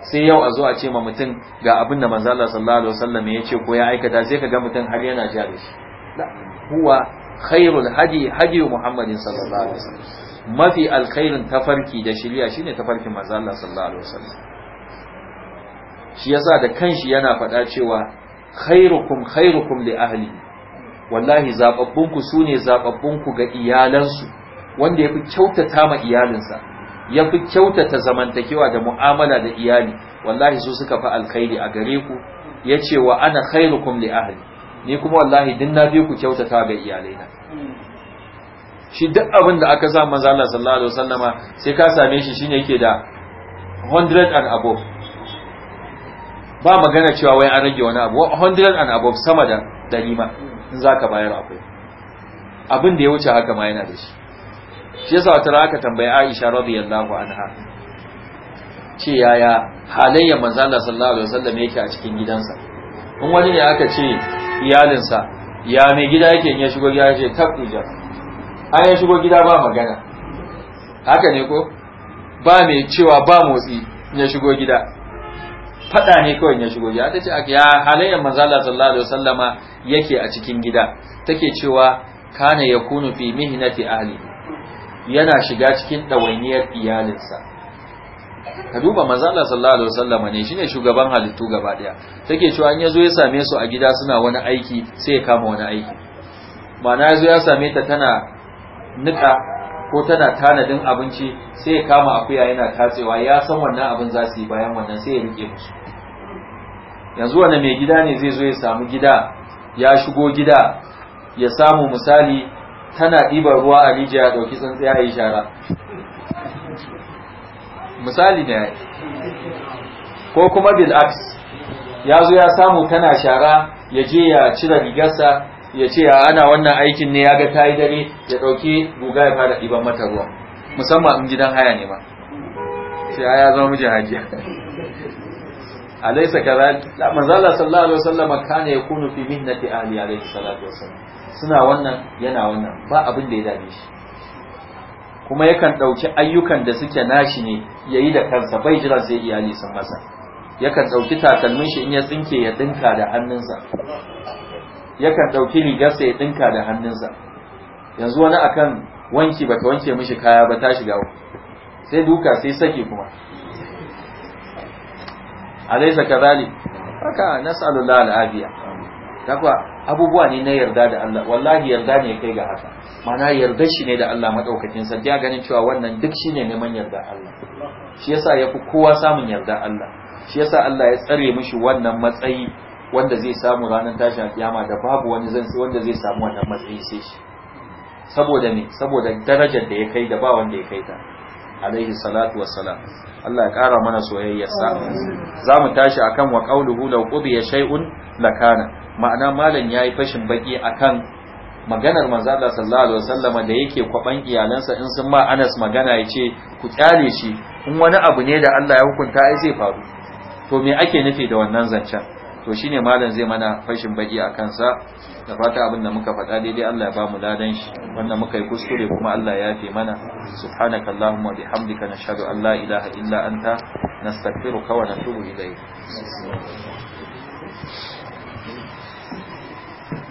sai yau a zo a ce ma mutum ga abin da manzo Allah sallallahu alaihi wasallam ya ce ko ya aikata sai ka ga mutum har yana ji da shi huwa khairul hadi hadi Muhammadin sallallahu alaihi wasallam mafi alkhairin tafarki da shiriya shine tafarkin manzo Allah sallallahu alaihi wasallam shi yasa da kanshi yana faɗa cewa khairukum khairukum li ahli wallahi zababbunku sune zababbunku ga iyalansu wanda yafi kyautata ma iyalinsa ya fi kyautata zamantakewa da mu'amala da iyali wallahi su suka fi alkhairi a gare ku ya ce wa ana khairukum li ahli ni kuma wallahi din na ku kyautata ga iyalai na shi duk abin da aka sa manzo Allah sallallahu alaihi wasallama sai ka same shi shine yake da 100 and above ba magana cewa wai an rage wani abu 100 and above sama da dari ma in zaka bayar akwai abin da ya wuce haka ma yana da shi shi yasa wata raka tambayi Aisha radiyallahu anha ce yaya halayya manzo Allah sallallahu alaihi wasallam yake a cikin gidansa in wani ne aka ce iyalinsa ya mai gida yake ya shigo gida ce takuja an ya shigo gida ba magana haka ne ko ba mai cewa ba motsi ya shigo gida fada ne kawai in ya shigo gida tace ce ya manzo manzala sallallahu alaihi wasallama yake a cikin gida take cewa kana yakunu fi mihnati ahli yana shiga cikin ɗawainiyar iyalinsa ka duba manzala sallallahu alaihi wasallam ne shine shugaban halittu gaba daya take cewa an yazo ya same su a gida suna wani aiki sai ya kama wani aiki ma'ana yazo ya same ta tana nika ko tana tanadin abinci sai ya kama akuya yana tatsewa ya san wannan abin za su yi bayan wannan sai ya rike musu yanzu wani mai gida ne zai zo ya samu gida ya shigo gida ya samu misali tana ɗibar ruwa a rijiya ɗauki tsintsiya a yi shara misali ne ko kuma bil'aks ya zo ya samu tana shara ya je ya cire rigarsa ya ce ya ana wannan aikin ne ya ga ta yi dare ya ɗauki guga ya fara ɗiban mata ruwa musamman in gidan haya ne ma sai ya zama mijin hajiya alaisa kaza manzala sallallahu alaihi wasallam kana yakunu fi mihnati ahli alaihi salatu wasallam suna wannan yana wannan ba abin da ya dame shi kuma yakan ɗauki ayyukan da suke nashi ne ya yi da kansa bai jira sai iyali sun masa yakan ɗauki takalmin shi in ya tsinke ya ɗinka da hannunsa yakan ɗauki rigarsa ya ɗinka da hannunsa yanzu wani akan wanki baka wanke mishi kaya ba ta shiga sai duka sai saki kuma alaisa kadhalik haka nas'alullahi al'afiya kafa abubuwa ne na yarda da Allah wallahi yarda ne kai ga haka mana yarda shi ne da Allah madaukakin sa ya ganin cewa wannan duk shine neman yarda Allah shi yasa yafi kowa samun yarda Allah shi yasa Allah ya tsare mishi wannan matsayi wanda zai samu ranar tashin kiyama da babu wani zan wanda zai samu wannan matsayi sai shi saboda ne saboda darajar da ya kai da ba wanda ya kai ta alaihi salatu wassalam Allah ya kara mana soyayyarsa za mu tashi akan wa qauluhu law qudiya shay'un lakana ma'ana malam ya yi fashin baki akan maganar manzo Allah sallallahu alaihi wasallam da yake kwaban iyalansa in sun ma Anas magana ce ku kyale shi in wani abu ne da Allah ya hukunta ai zai faru to me ake nufi da wannan zancen to shine malam zai mana fashin baki a kansa da fata abin da muka faɗa daidai Allah ya bamu ladan shi wannan muka yi kuskure kuma Allah ya yafe mana subhanakallahumma bihamdika nashhadu an la ilaha illa anta nastaghfiruka wa natubu ilayk